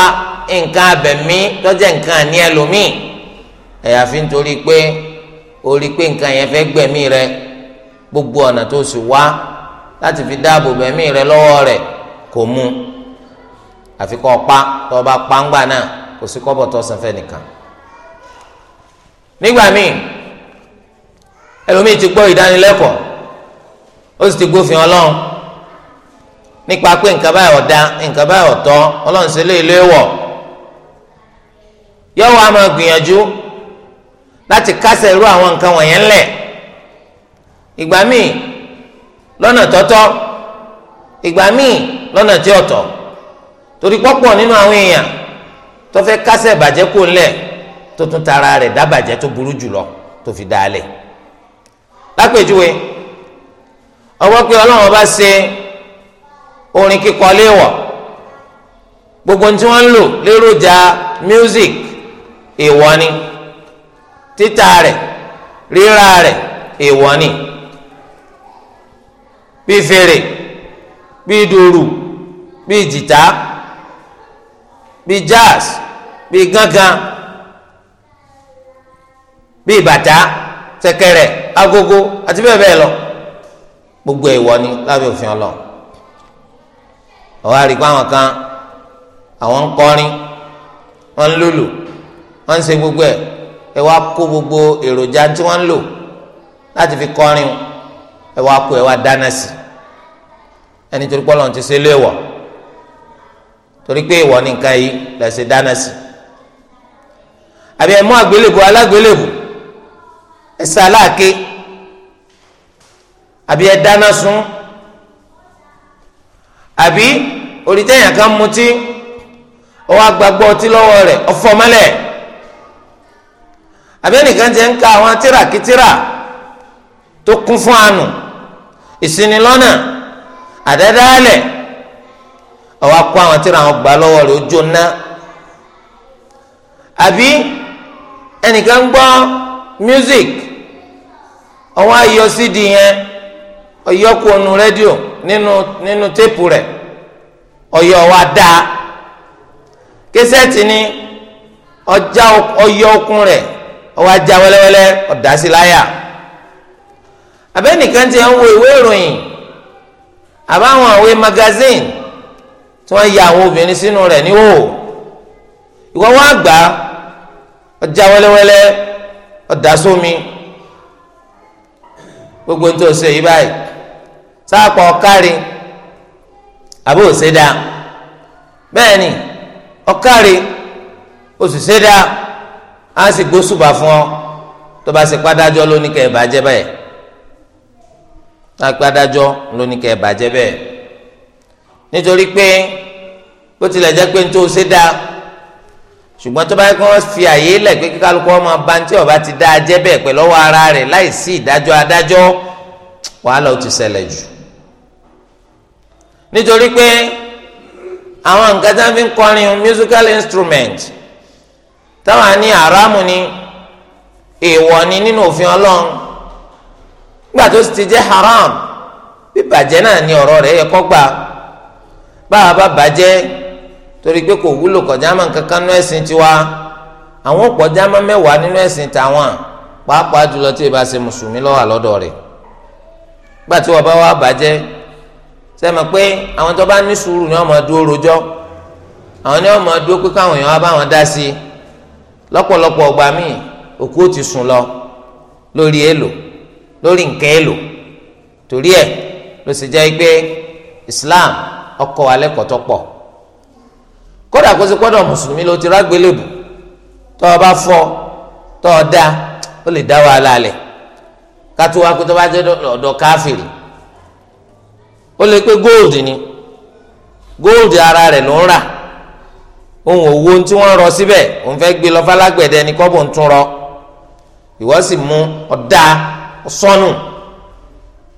nǹkan abẹ̀mí lọ́jẹ́ nǹkan ní ẹlòmíì ẹ̀yàfi nítorí pé o rí pé nǹkan yẹn fẹ́ gbẹ̀mí rẹ gbogbo ọ̀nà tó sì wá láti fi dáàbò bẹ̀mí rẹ lọ́wọ́ rẹ kò mú àfi kọ́ pa tọ́ bá pa ńgbà náà kò sí kọ́bọ̀ tó san nìkan. nígbà míì ẹlòmíì ti gbọ́ ìdánilẹ́kọ̀ọ́ ó sì ti gbófin ọlọ́run nípa pé nǹkan báyọ̀ da nǹkan báyọ̀ tọ́ ọlọ́run ṣe lé wọ̀ yóò wá máa gbìyànjú láti kásẹ̀ irú àwọn nǹkan wọ̀nyẹn lẹ̀ ìgbà míì lọ́nà tọ́tọ́ ìgbà míì lọ́nà tí ọ̀tọ̀ torí pọ́pọ̀ nínú àwọn èèyàn tó fẹ́ kásẹ̀ bàjẹ́ kó lẹ̀ tó tún tara rẹ̀ dábàjẹ́ tó burú jùlọ tó fi dá lẹ̀ lápèjúwe ọwọ́ pé ọlọ́run bá ṣe orin kíkọ léèwọ̀ gbogbo tí wọ́n ń lò lérò ja music èèwọ̀ títà rẹ̀ rírà rẹ̀ èèwọ̀ ni fèrè bí dùrù bí jìtá bí jazz bí gángan bí bàtà ṣẹ̀kẹ̀rẹ̀ agogo àti bẹ́ẹ̀ bẹ́ẹ̀ lọ gbogbo èèwọ̀ lábẹ́ òfin Ọlọ́run ọwọ àríkọ àwọn kan àwọn ń kọrin wọn ń lùlù. wọ́n ṣe gbogbo ẹ wá gbogbo èròjà tí wọ́n ń lò láti fi kọrin ẹ wá kó ẹ wá dáná sí ẹni torí ti ṣe léèwọ̀ torí pé ìwọ ni yìí lè ṣe dáná sí àbí ẹ mú àgbélébù alágbélébù ẹ aláàké àbí ẹ dáná àbí kan mutí ọtí àbẹ́nìkan ti ń ka àwọn tírakítírà tó kún fún àánú ìsinilọ́nà àdádálẹ̀ ọ̀wá kó àwọn tíra àwọn gbà lọ́wọ́ rẹ̀ ó jóná àbí ẹnìkan gbọ́ music ọwọ́ ayọ̀ cd yẹn ọ̀yọ́kù ọ̀nù rédíò nínú nínú téèpù rẹ̀ ọ̀yọ́ wa dáa késẹ́ẹ̀tì ni ọjà ọyọ́ okun rẹ̀ ọwọ́ ajá wẹ́lẹ́wẹ́lẹ́ ọ̀dásí láyà abẹ́nìkan ti ń wo ìwé ìròyìn àbáwọn àwé magazine tí wọ́n ya àwọn obìnrin sínú rẹ̀ níhò ìwọ́ wọn àgbà ọjà wẹ́lẹ́wẹ́lẹ́ ọ̀dásómi gbogbo ní tó ṣe yí báyìí sáàpà ọ̀kárí àbí òṣèdá bẹ́ẹ̀ ni ọ̀kárí òṣìṣẹ́dá á sì gbósùbà fún ọ tó bá sì pádájọ́ lóní kẹ́ ẹ̀ bàjẹ́ bẹ́ẹ̀ pádájọ́ lóní kẹ́ ẹ̀ bàjẹ́ bẹ́ẹ̀ nítorí pé bó tilẹ̀ jẹ́ pé nítorí ṣe dáa ṣùgbọ́n tó bá yẹ kó wọ́n fi àyè lẹ̀ pé kíkálukú ọmọ abáńtí ọba ti dá ajẹ́ bẹ́ẹ̀ pẹ̀lú ọwọ́ ara rẹ̀ láì ìdájọ́ adájọ́ wàhálà ó ti ṣẹlẹ̀ jù nítorí pé àwọn nǹkan tí wọ́n fi ń kọrin musical instrument táwọn ní haramu ni èèwọ̀ ni nínú òfin ọlọ́run nígbà tó sì ti jẹ́ haram bíbàjẹ́ náà ni ọ̀rọ̀ rẹ̀ yẹ kó gbà báwa bá bàjẹ́ torí pé kò wúlò kọjá mọ́ kankan nínú ẹ̀sìn tiwa àwọn kọjá mọ́ mẹ́wàá nínú ẹ̀sìn tàwọn pàápàá jùlọ tí ìbá ṣe mùsùlùmí lọ́wọ́ àlọ́dọ̀ rẹ̀ gbà tí wọ́n bá wá bàjẹ́ sẹ́mi pé àwọn tó bá ní sùúrù ni wọ́n máa dúró rojọ́ àwọn ni wọ́n máa dúró pé káwọn èèyàn wá bá dá sí i lọ́pọ̀lọpọ̀ ọgbà oku òkú ti sùn lọ lórí èlò lórí nǹkan èlò torí ẹ̀ ló sì Islam ọkọ alẹ́ kọ̀tọ́ pọ kódà kó sì kọ́dọ̀ mùsùlùmí ló ti rágbélébù tọ́ ọ bá fọ tọ́ ọ dá ó lè dá wàhálà lẹ̀ kátó wa kó tó bá jẹ́ ọ̀dọ̀ káfìrì ó lè pé góòdù ni góòdù ara rẹ̀ ló ń rà ohun òwò tí wọ́n rọ síbẹ̀ òun fẹ́ gbé lọ falágbẹ̀dẹ ni kọ́bù ń tún rọ ìwọ sì mú ọ̀dà sọnù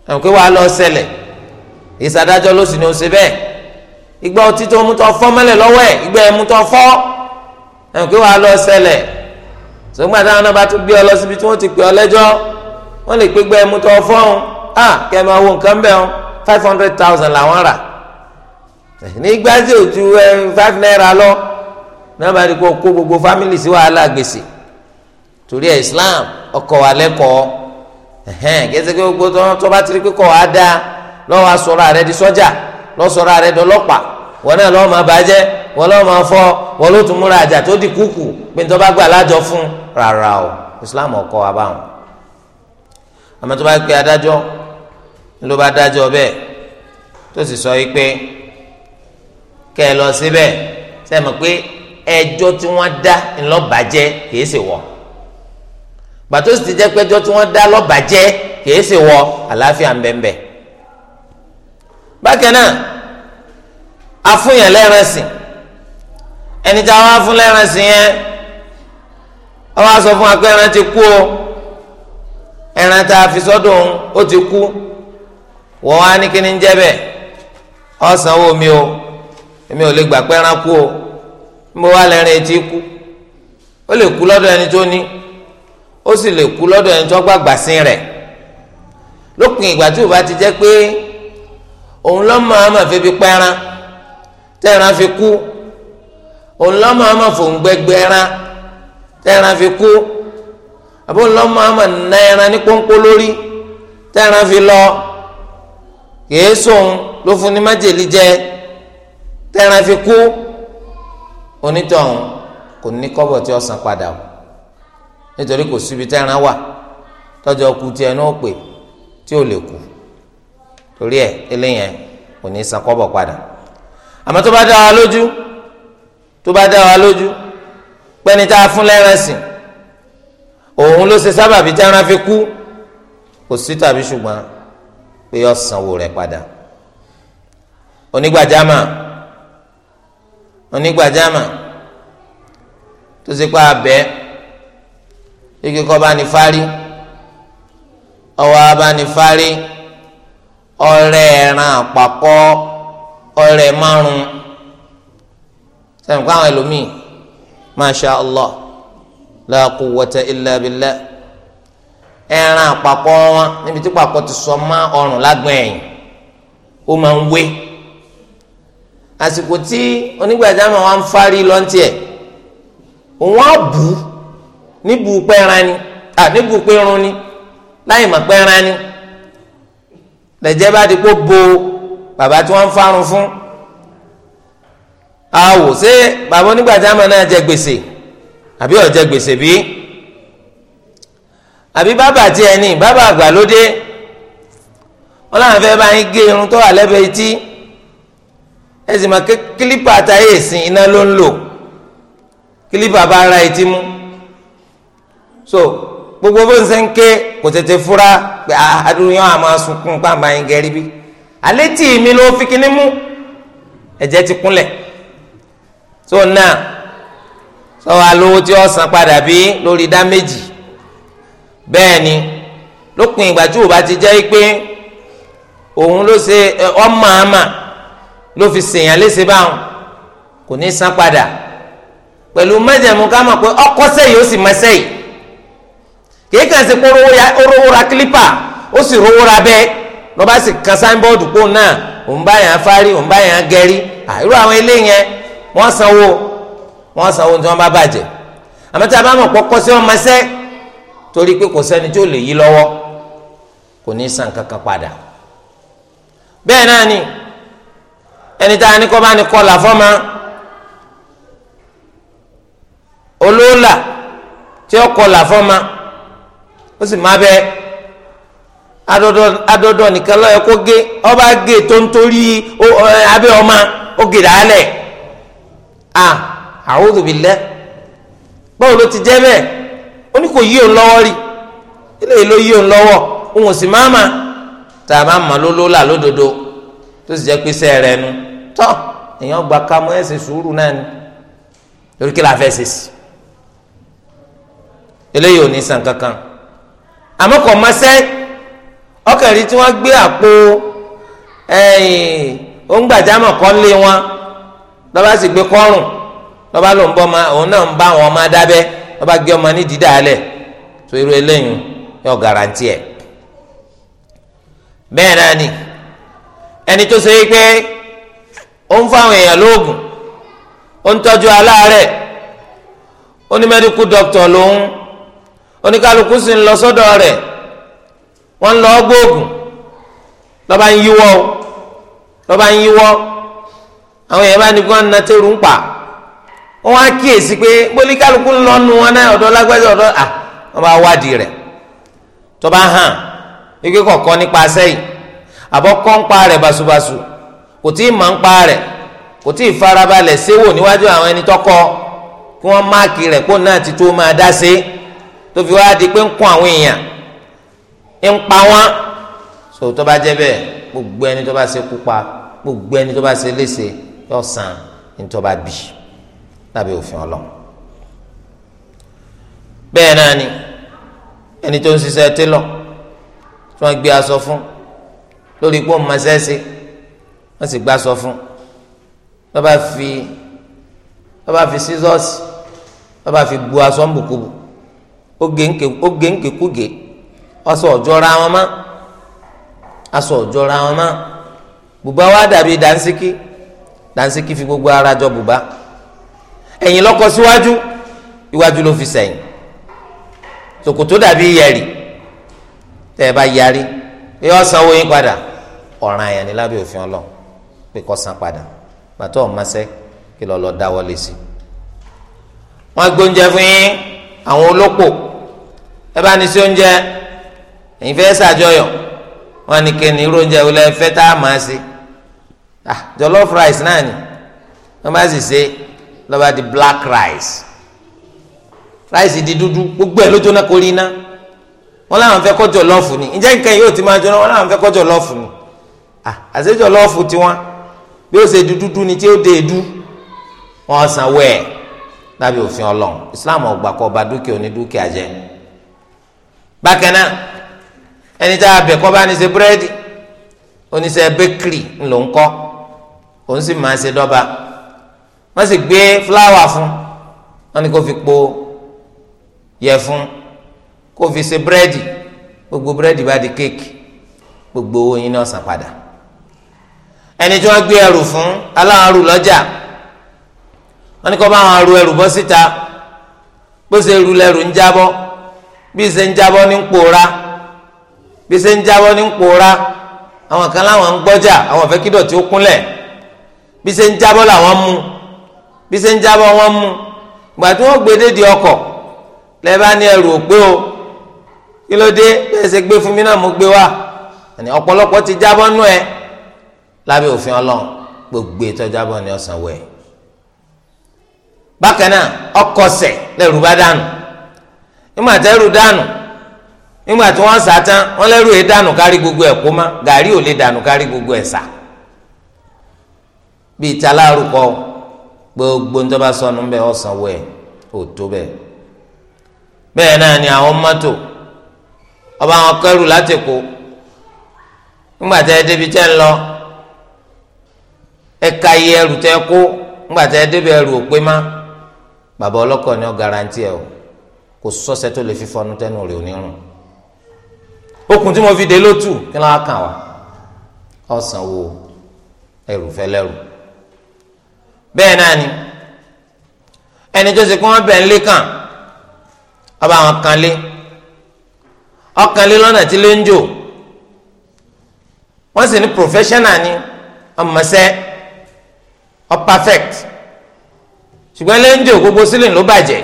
ẹ̀hún pé wàá lọ ṣẹlẹ̀ ìsàdájọ́ ló sì ní o ṣe bẹ́ẹ̀ ìgbà ọtí tó mú tọ́ fọ́ mọ́lẹ̀ lọ́wọ́ ẹ̀ ìgbà ẹ̀ mú tọ́ fọ́ ẹ̀hún pé wàá lọ ṣẹlẹ̀ sọgbà táwọn náà bá tún gbé ọ lọ síbi tí wọ́n ti pè ọ lẹ́jọ́ wọ́n lè pé gbà ẹ̀ mú tọ́ fọ́ ọ̀hún à kẹ́mi ọwọ́ nǹkan bẹ́ẹ̀ ọ̀hún five hundred thousand làwọn rà nígbà tí ò ju five naira lọ náà bá rí kó kó gbogbo fámìlì sí wàhálà gbèsè torí ẹ Islam ọkọ wa lẹ́kọ̀ọ́ ẹhẹn kẹsẹ kí gbogbo tó tó bá tiri kíkọ wa dá lọ́wọ́ asọ̀rọ̀ àrẹ di sọ́jà lọ́sọ̀rọ̀ àrẹ di ọlọ́pàá wọn náà lọ́wọ́ máa bàjẹ́ wọn lọ́wọ́ máa fọ́ wọn ló tún múra àjà tó di kúkú pé ní tó bá gbà lájọ fún rárá o Islam ọkọ wa báwọn àmọ́ tó bá pé adájọ́ ló bá dájọ́ bẹ́ẹ̀ tó sì sọ yìí pé kẹ́ ẹ lọ síbẹ̀ sẹ́mi pé ẹjọ́ tí wọ́n dá ńlọ́bàjẹ́ kìí ṣe wọ́ gbàtó sì ti jẹ́ pé ẹjọ́ tí wọ́n dá lọ́bàjẹ́ kìí ṣe wọ́ àlàáfíà ń bákan náà afúnyàn lẹ́rẹ̀sìn ẹni tí a wá fún lẹ́rẹ̀sìn yẹn a wá sọ fún wa pé ẹran ti kú o ẹran tá a fi sọ́dọ̀ òun ó ti kú wọ́n wá ní kíní ń jẹ́ bẹ́ẹ̀ ọ̀sán wo mi o èmi ò lè gbà pé ẹran kú o. mo wá lẹ́rìn etí kú ó lè kú lọ́dọ̀ ẹni tó ní ó sì lè kú lọ́dọ̀ ẹni tó gbàgbà sin rẹ̀ lópin ìgbà tí ti jẹ́ pé òun lọ́mọ àmà fi fi pẹ́ran tẹ́ran fi kú òun lọ́mọ àmà fòun gbẹgbẹ́ran tẹ́ran fi kú àbí òun lọ́mọ àmà nà ẹran ní pọ́npọ́ lórí tẹ́ran fi lọ kìí sóun ló fún ní májèlé jẹ tẹ́ran onítọ̀hún kò ní kọ́bọ̀ tí ó san padà o nítorí kò síbi tẹ́ran wà tọ́jọ́ ku tiẹ̀ náà pè tí ò lè kú torí ẹ̀ eléyẹn kò ní san kọ́bọ̀ padà àmọ́ tó bá dá wa lójú tó bá dá wa lójú pẹ́ni tá a fún lẹ́ran sìn òun ló ṣe sábàbí tẹ́ran fi kú kò sí tàbí ṣùgbọ́n pé ó sanwó rẹ̀ padà onígbàjámà onígbàjámà tó ṣe pé abẹ ike kọ́ bá ní fárí ọwọ́ abánifárí ọrẹ ẹran àpapọ̀ ọrẹ márùn sẹ́yìn kó àwọn ẹlòmíì masha allah la quwwata illa billah ẹran àpapọ̀ wọn níbi tí pàpọ̀ ti sọ má ọrùn lágbọ̀n ó máa ń wé àsìkò tí onígbàjámọ̀ wa ń fárí lọ́ntì ẹ̀ òun á bù ú níbu pẹ́ran ni à níbu pẹ́run ni láì mọ̀ pẹ́ran ni lẹ́jẹ́ bá di kó bo bàbá tí wọ́n ń fárun fún àwò ṣé bàbá onígbàjámọ̀ náà jẹ gbèsè àbí ó jẹ gbèsè bí àbí bàbá tiẹ̀ ni bàbá àgbà ló dé wọn làwọn fẹ́ bá yín gé irun tó wà lẹ́bẹ̀ẹ́ etí ẹ sì máa ké kílípà àtàyè ìsìn iná ló ń lò kílípà bá ara etí mú so gbogbo bó ń ṣe ń ké kò tètè fura pé àádúró yẹn á máa sunkún pàmò àyìn gẹrí bí alẹ́ tì mí ló fi kíní mú ẹ̀jẹ̀ ti kúnlẹ̀ so náà sọ wa lówó tí ó san padà bí lórí dá méjì bẹ́ẹ̀ ni lópin ìgbà tí ò ti jẹ́ pé òun ló ṣe ọmọ àmà. ló fi ṣèyàn léṣe báwọn kò san padà pẹ̀lú mẹ́jẹ̀mú ká mọ̀ pé ọkọ́ sẹ́yìn ó sì mọ sẹ́yìn kì sí pé orówó ra kílípà ó sì rówó ra bẹ́ẹ̀ lọ́ba sì kan náà òun bá yàn án fárí òun bá yàn án gẹ̀rí àwọn ilé yẹn wọ́n a bá mọ̀ pé sí ọmọ sẹ́ torí pé kò sẹ́ni tí ó lè yí lọ́wọ́ san kankan padà bẹ́ẹ̀ náà ẹni tá a ní kọ́ bá ní kọlà fọ́mà olóòlà tí ó fọ́mà ó sì má bẹ́ẹ̀ adọdọ nìkan lọ kó gé ọba gé tó ń torí ó a a'udhu billah báwo ló ti jẹ bẹ́ẹ̀ ó ní kò yí òun rí eléyìí ló yí òun tó sì jẹ́ pé sẹ́ rẹ nu tọ́ èèyàn gba kámú ẹ̀ sùúrù náà ni lórí kí la fẹ́ ṣe sí eléyìí ò ní kankan àmọ́ kò má sẹ́ tí wọ́n gbé àpò òǹgbàjámọ̀ kọ́ lé wọn lọ́ba sì gbé kọ́rùn lọ́ba ló ń bọ́ ma òun náà ń bá gbé ọmọ ní dídá alẹ̀ tó garanti ẹ̀ bẹ́ẹ̀ náà ni. ẹni tó ṣe é pé ó ń fáwọn èèyàn lóògùn ó ń tọ́jú aláàárẹ̀ ó mẹ́díkù dọ́kítọ̀ lòun oníkálukú sì ń lọ sọ́dọ̀ rẹ̀ wọ́n ń lọ gbóògùn lọ́ba ń yíwọ́ lọ́ba ń yíwọ́ àwọn èèyàn bá ní kí wọ́n na tẹ́rù ń pa wọ́n wá kíyèsí pé gbólíkálukú ń lọ́nu wọn náà ọ̀dọ́ lágbájá ọ̀dọ́ à wọ́n bá wádìí rẹ̀ tó bá àbọ̀kọ́ ń pa rẹ̀ basubasu kò tí ì mọ̀ ń pa rẹ̀ kò tí ì farabalẹ̀ séwò níwájú àwọn ẹni tọkọ kí wọ́n máàkì rẹ̀ kó náà ti tó máa dá sí tó fi wá di pé ń kún àwọn èèyàn ń pa wọ́n so tó bá jẹ́ bẹ́ẹ̀ gbogbo ẹni tó bá ṣe kú pa gbogbo ẹni tó bá ṣe léṣe yóò san ní tó bá bì lábẹ́ òfin ọlọ́run bẹ́ẹ̀ náà ni ẹni tó ń ṣiṣẹ́ télọ̀ tí wọ́n gbé aṣọ fún lórí pé ó ma sẹ́sẹ́ wọ́n sì gbá sọ fún lọ́ bá fi lọ́ bá fi sísọ́ọ̀sì lọ́ bá fi bu aṣọ ńbùkúbù ó gé ńkèkúgè aṣọ ọ̀jọ́ra wọn má aṣọ ọ̀jọ́ra wọn má bùbá wa dàbí dansiki dansiki fi gbogbo ara jọ bùbá ẹ̀yìn ló kọ síwájú iwájú ló fi sẹ́yìn ṣòkòtò dàbí yẹ̀rì tẹ́ ẹ bá yarí yọ sanwó yín padà ọ̀ràn àyàn ni lábẹ́ òfin ọlọ pé kó san padà bàtọ́ ọ̀mọ́sẹ́ kí lọ́ọ́ lọ dáwọ́ lé sí i. wọ́n gbóúnjẹ fún yín àwọn olóko ẹ bá ní sí oúnjẹ ẹ̀yin fẹ́ ṣàjọyọ̀ wọ́n ní kí irú oúnjẹ wo fẹ́ tá a máa ṣe ah jollof rice náà ni wọ́n bá sì ṣe lọ́ba di black rice rice di dúdú gbogbo ẹ̀ ló jóná kórìí náà wọ́n láwọn fẹ́ kó jollof ni ǹjẹ́ nǹkan yìí ò ti máa jóná wọ́n láwọn fẹ́ kó jollof ni. Ah, àṣejọ lọ́ọ̀fù tiwọn bí ó ṣe di dúdú ni tí ó dé dú wọn san wẹ́ẹ̀ lábẹ́ òfin ọlọ́run islam ọgbà kọ́ ba dúkìá onídúkìá jẹ bákan náà ẹni tá a bẹ̀ kọ́ bá ní ṣe búrẹ́dì oníṣẹ́ bẹ́kìrì ńlò ńkọ́ òun sì máa ṣe dọ́ba wọ́n sì gbé fúláwà fún wọ́n ní kó fi po yẹ̀fun kó fi ṣe búrẹ́dì gbogbo búrẹ́dì bá di kéèkì gbogbo owó yín náà san padà ẹni tí wọ́n gbé ẹrù fún aláàrù lọ́jà wọ́n ní kó bá wọn ru ẹrù bọ́ síta bó ṣe ru lẹ́rù ń jábọ́ bí ṣe ń jábọ́ ní ń pòórá bí ṣe ń jábọ́ ní ń pòórá àwọn kan láwọn ń gbọ́jà àwọn fẹ́ kí dọ̀tí ó kúnlẹ̀ bí ṣe ń jábọ́ làwọn mú bí ṣe ń jábọ́ wọn mú ìgbà tí wọ́n gbé dédìí ọkọ̀ lẹ́ẹ̀bá ní ẹrù òpé o kí ló dé bẹ́ẹ̀ ṣe gbé fún mi náà mo gbé wá ọ̀pọ̀lọpọ̀ ti jábọ́ nú ẹ̀ lábẹ́ òfin ọlọ́run gbogbo ìtọ́jábọ̀ ni ọ̀sán wẹ̀. bákan náà ọkọ̀ọ̀sẹ̀ lẹ́rù bá dànù nígbà tẹ́rù dànù nígbà tí wọ́n yìí dànù kárí gbogbo ẹ̀ kó má gàrí ò lè dànù kárí gbogbo ẹ̀ sà. gbogbo ń tọ́ba sọnù ń bẹ ọ̀sán wẹ̀ ò tó bẹ́ẹ̀. bẹ́ẹ̀ náà ni àwọn mọ́tò ọba àwọn kẹrù láti ẹka iye ẹrù tẹ kó ńgbàtà ẹdẹbẹ ẹrù òpé má bàbá ọlọkọ ni ọ garanti ẹ o kò sọ́sẹ̀ tó lè fi fọnú tẹnu rẹ̀ onírun okùn tí mo fi dé lótù kí ló wá kàn wá wo ẹrù fẹlẹ́rù bẹẹ náà ni ẹni tó ṣe kí ń lé kàn ọba àwọn kan lé ọkàn lé tí ń jò sì ní professional ni ọ perfect ṣùgbọ́n ilé ń jò gbogbo ceiling ló bàjẹ́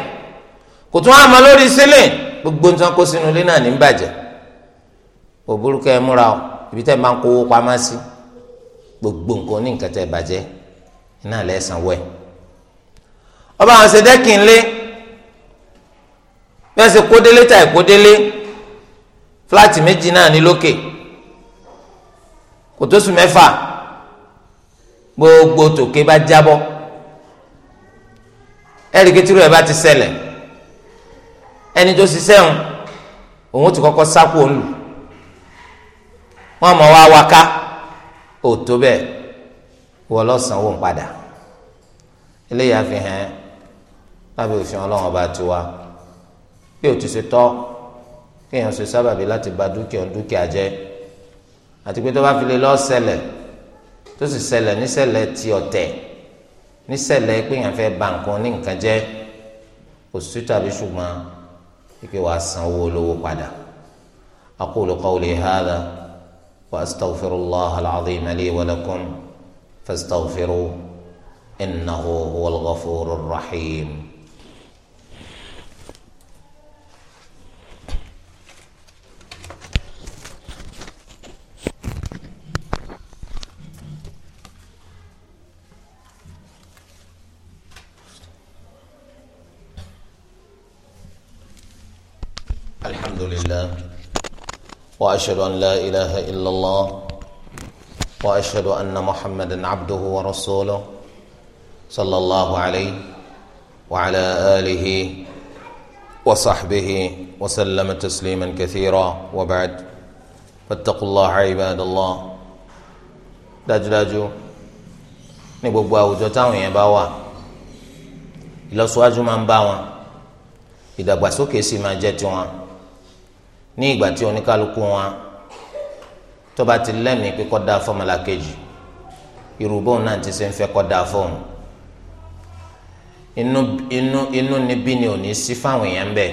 kò tún àmọ́ lórí ceiling gbogbo nǹkan kó sínú ilé náà ní bàjẹ́ kò burúkú ẹ múra o ibi tẹ́ ẹ máa ń kówó pamọ́ sí gbogbo nǹkan ní nǹkan tẹ́ ẹ bàjẹ́ iná lẹ́sàn wẹ̀ ọba àwọn ṣèdẹ́kì ńlé bẹ́ẹ̀ ṣe kódélé tàì kódélé fúláàtì méjì náà ní lókè kò tó sùn mẹ́fà gbogbo tòkè bá jábọ́ ẹ̀ríkìtìrú ẹ̀ bá ti ṣẹlẹ̀ ẹni tó ṣiṣẹ́ ń òun ti kọ́kọ́ sáku òun lù wọ́n mọ̀ wá waka ò tó bẹ́ẹ̀ wọ́n lọ sanwó ń padà eléyà fi hàn lábẹ́ òfin ọlọ́run ọba ti wá bí o ti ṣe tọ́ kéèyàn ṣe sábàbí láti ba dúkìá dúkìá jẹ́ àti pé tó bá fi lè lọ́ọ́ ṣẹlẹ̀ tó sì ṣẹlẹ̀ níṣẹ̀lẹ̀ ti ọ̀tẹ̀ níṣẹ̀lẹ̀ pé yàn fẹ́ ba nǹkan ní nǹkan jẹ́ kò sí tàbí ṣùgbọ́n ìpè wàá san owó olówó padà aqulu qawli hadha wa astaghfirullaha al-azim li wa lakum fastaghfiruhu innahu huwal واشهد ان لا اله الا الله واشهد ان محمدا عبده ورسوله صلى الله عليه وعلى اله وصحبه وسلم تسليما كثيرا وبعد فاتقوا الله عباد الله دجلاجو ní gbogbo يا táwọn èèyàn bá wà ìlọsíwájú máa ń bá wọn ní ìgbà tí oníkálukú wọn tó bá ti lẹ́mìí pé kó dáa fọ́mọlá kejì irú bóun náà ti ṣe ń fẹ́ kó dáa inú inú inú níbí ni ò ní sí fáwọn èèyàn bẹ́ẹ̀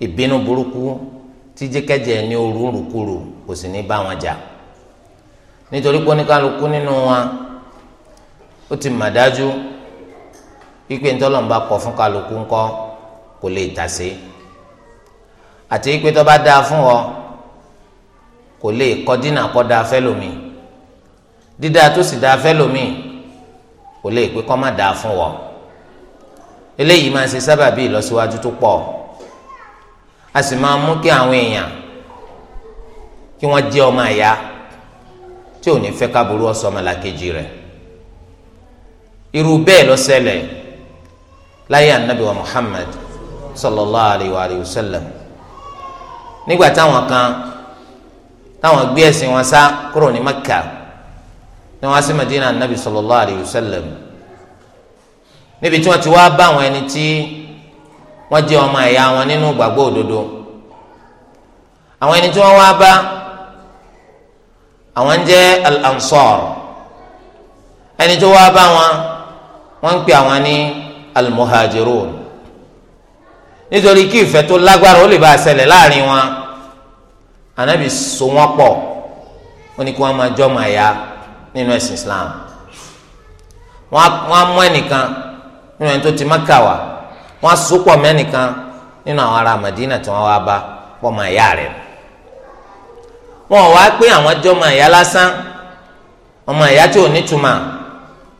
ìbínú burúkú tí jẹ́kẹ́jẹ́ ní orú rúkúrú kò sì ní bá wọn jà nítorí pé oníkálukú nínú wọn ó ti mà dájú wípé ntọ́lọ́mùbá kọ fún kálukú ńkọ́ kò lè tà sí i àti pé tó bá dáa fún ọ kò lè kọ dínà kọ dáa fẹ́ lómi dídá tó sì dáa fẹ́ lómi kò lè pé kọ́ má dáa fún ọ eléyìí máa ṣe sábàbí ìlọsíwájú tó pọ̀ a sì máa mú kí àwọn èèyàn kí wọ́n jẹ́ ọmọ àyà tí ò ní fẹ́ káburú ọ̀sọ́ ọmọlàkejì rẹ̀ irú bẹ́ẹ̀ ló ṣẹlẹ̀ láyé anabi wa Muhammad sallallahu alayhi wa sallam nígbà táwọn kan táwọn gbé ẹ̀sìn wọn sá kúrò ní Mẹ́kà ní wọn á sí Madina Nabi sallallahu alayhi wa sallam níbi tí wọn ti wá bá àwọn ẹni tí wọn jẹ ọmọ ẹ̀yà wọn nínú gbàgbọ́ òdodo àwọn ẹni tí wọn wá bá àwọn ń jẹ al-Ansar ẹni tó wá bá wọn wọn ń pè àwọn ní al nítorí kí ìfẹ́ tó lágbára ó lè bá a ṣẹlẹ̀ láàrin wọn ànábì so wọn pọ̀ ó ní kí wọ́n máa ya nínú ẹ̀sìn Islam wọ́n á mú ẹnìkan nínú ẹni tó ti makawa wá wọ́n á so pọ̀ mẹ́nìkan nínú àwọn ará Madina tí wọ́n wá bá ya rẹ̀ wọn wá pé àwọn jọ́ ya lásán ọmọ ìyá tí ò nítumọ̀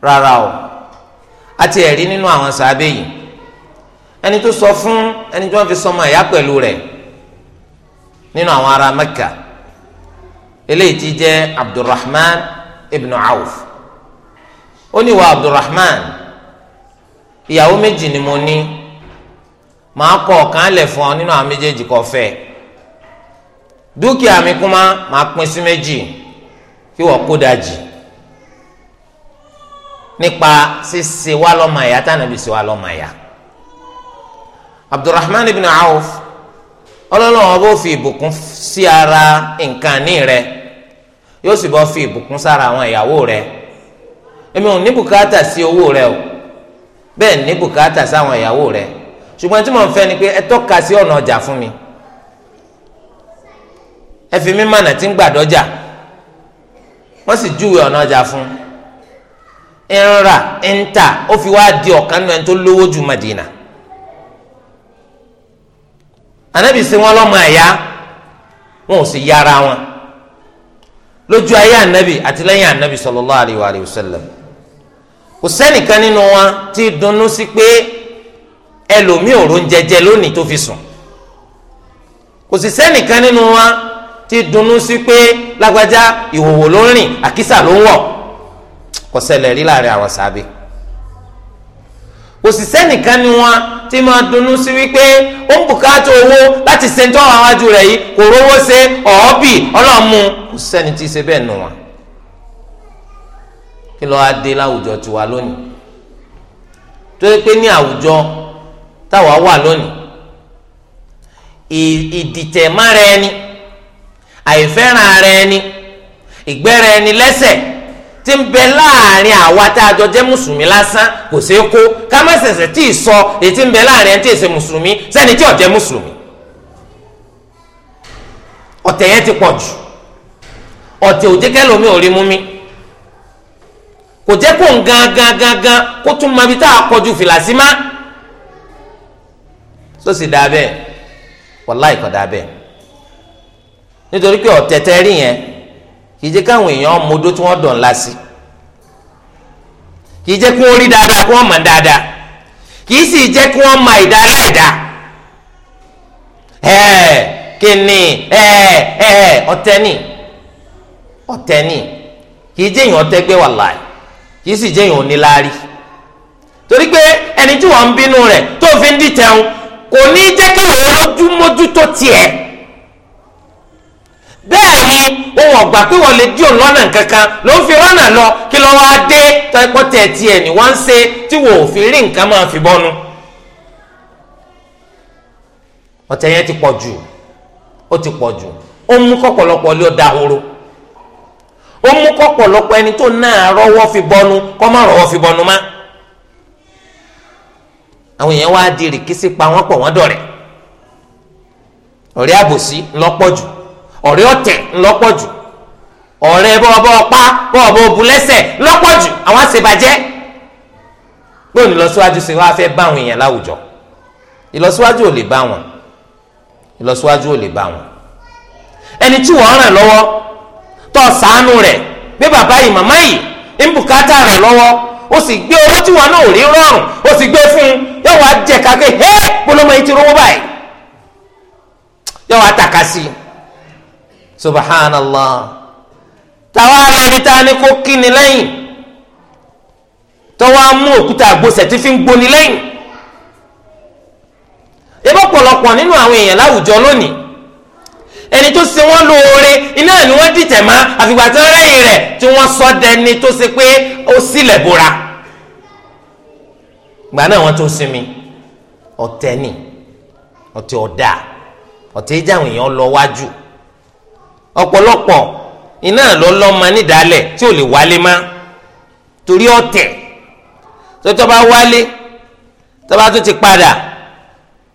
rárá o àti ẹ̀rí nínú àwọn sàábẹ̀ yìí ẹni tó sọ fún ẹni tí wọ́n fi sọmọ ẹ̀yà pẹ̀lú rẹ̀ nínú àwọn ará Mẹ́kà eléyìí ti jẹ́ Abdulrahman ibn Auf ó ní wa Abdulrahman ìyàwó méjì ni mo ní màá kọ ọ̀kan lẹ̀ fún ọ nínú àwọn méjèèjì kó fẹ́ dúkìá mi kúmá màá pín sí méjì kí wọ́n kó dajì nípa ṣíṣe wá lọ́mọ ẹ̀yà tánàbí ṣe wá lọ́mọ ẹ̀yà abdulrahman ibn awf ọlọ́run ọba ó fi ìbùkún sí ara nǹkan ní rẹ yóò sì bọ́ fi ìbùkún sára àwọn ìyàwó rẹ èmi ò ní bùkátà sí owó rẹ o bẹ́ẹ̀ ní bùkátà sáwọn ìyàwó rẹ ṣùgbọ́n tí mo ń fẹ́ ni pé ẹ tọ́ka sí ọ̀nà ọjà fún mi ẹ fi mí mànà tí ń gbàdọ́jà wọ́n sì júwe ọ̀nà ọjà fún ń rà ń tà ó fi wá di ọ̀kan náà tó lówó ju Madina anabi sí wọn lọ́mọ ẹ̀yà wọn ò sì yára wọn lójú ayé anabi àti lẹ́yìn anabi sallallahu alayhi wa alihi wa sallam kò sẹ́nìkan nínú wọn tí dunnú sí pé ẹlòmíì ò rò ń jẹjẹ lónìí tó fi sùn kò sì sẹ́nìkan nínú wọn tí dunnú sí pé lágbájá ìhòòhò ló ń rìn àkísà ló ń wọ̀ kò ṣẹlẹ̀ rí láàrin àwọn sábẹ́ kò sì sẹ́nìkan ni wọn tí máa dunnú sí wípé ó ń bùkátà owó láti ṣe tó àwọn àwájú rẹ̀ yìí kò rówó ṣe ọ̀ọ́bì ọlọ́mú kò sẹ́ni tí ì ṣe bẹ́ẹ̀ nù wọn. kí lọ́ọ́ á dé láwùjọ tiwa lónìí tó yẹ pé ní àwùjọ táwa wà lónìí ìdìtẹ̀mára ẹni àìfẹ́ràn ara ẹni ìgbẹ́ra ẹni lẹ́sẹ̀ tí ń bẹ láàrin àwa tá a jọ jẹ́ mùsùlùmí lásán kò ṣeé kó ká má ṣẹ̀ṣẹ̀ tí ì sọ èyí tí ń bẹ láàrin ẹni tí ì ṣe mùsùlùmí sẹ́ni tí ò jẹ́ mùsùlùmí ọ̀tẹ̀ yẹn ti pọ̀ jù ọ̀tẹ̀ ò jẹ́ kẹ́lòmí ò rí mú mi kò jẹ́ kó ń gan gan gan gan kó tún mọ ibi tá a kọjú fìlà sí má tó sì dáa bẹ́ẹ̀ wàláì kò dáa bẹ́ẹ̀ nítorí pé ọ̀tẹ̀ tẹ́ rí yẹn kì í jẹ́ káwọn èèyàn mọdó tí wọ́n dàn lásì kì í jẹ́ kí wọ́n rí dáadáa kí wọ́n mọ̀ dáadáa kì í sì jẹ́ kí wọ́n mọ ìdá láìdá ẹ̀ẹ́ kí ni ẹ̀ẹ́ ẹ̀ẹ́ ọ̀tẹ̀ ni ọ̀tẹ̀ ni kì í jẹ́ èèyàn ọ̀tẹ̀ gbé wà láì kì sì jẹ́ èèyàn oníláárí torí pé ẹni tí wọ́n ń bínú rẹ̀ tó fi ń dìtẹ̀hún kò ní jẹ́ kí wọ́n lójú mójútó tiẹ̀. bẹ́ẹ̀ ni ohun ọ̀gbà pé wọ́n lè dí nkankan lọ́nà kankan ló fi rọ́nà lọ kí lọ́wọ́ á tọ́pọ̀ tẹ̀ tiẹ̀ ni wọ́n ń ṣe tí fi rí nǹkan máa fi bọ́nu. ọ̀tẹ̀ yẹn ti pọ̀ jù ó ti pọ̀ jù ó mú kọ́pọ̀lọpọ̀ ọ̀dà horo ó mú kọ́pọ̀lọpọ̀ ẹni tó náà rọ́wọ́ fi bọ́nu kọ́ má rọ́wọ́ fi bọ́nu má. àwọn èèyàn wá di rìkísí pa wọ́n pọ̀ wọ́n dọ̀rẹ́ ọ̀rẹ́ àbòsí ọ̀rẹ́ ọ̀tẹ̀ ńlọ́pọ̀ jù ọ̀rẹ́ bọ́ọ̀bọ́ ọ̀pá bọ́ọ̀bọ́ òbu lẹ́sẹ̀ lọ́pọ̀ jù àwọn àṣebàjẹ́ gbóòn ìlọsíwájú sí wàá fẹ́ bá àwọn èèyàn láwùjọ ìlọsíwájú ò lè bá wọn ìlọsíwájú ò lè bá wọn ẹni tí wọ́n ràn lọ́wọ́ tó ṣàánú rẹ̀ bí bàbá yìí màmá yìí ń bùkátà rẹ̀ lọ́wọ́ ó sì gbé owó tí wọn náà ò rí rọrùn ó sì gbé fún un yóò wá jẹ kàgbé hẹ́ẹ́ polówó yìí ti rówó báyìí yóò wá tàka sí i subhanallah tàwa ara ẹni tá a ní kó kí ni lẹ́yìn tọ́wọ́ á mú òkúta àgbọ̀sẹ̀ tí fi ń gbóni lẹ́yìn ebó pọ̀lọpọ̀ nínú àwọn èèyàn láwùjọ lónìí ẹni tó ṣe wọn lóore iná ni wọ́n dìtẹ̀ mọ́ àfìgbà tí wọ́n rẹ́yìn rẹ̀ tí wọ́n sọ dẹni tó ṣe pé ó sílẹ̀ bora gbà náà wọ́n tó sinmi ọ̀tẹ̀ ni ọ̀tẹ̀ ọ̀dà ọ̀tẹ̀ ìjà àwọn èèyàn lọ wájú ọ̀pọ̀lọpọ̀ iná lọ́lọ́mọ nídàálẹ̀ tí ò lè wálé má torí ọ̀tẹ̀ tó tó bá wálé tó bá tó ti padà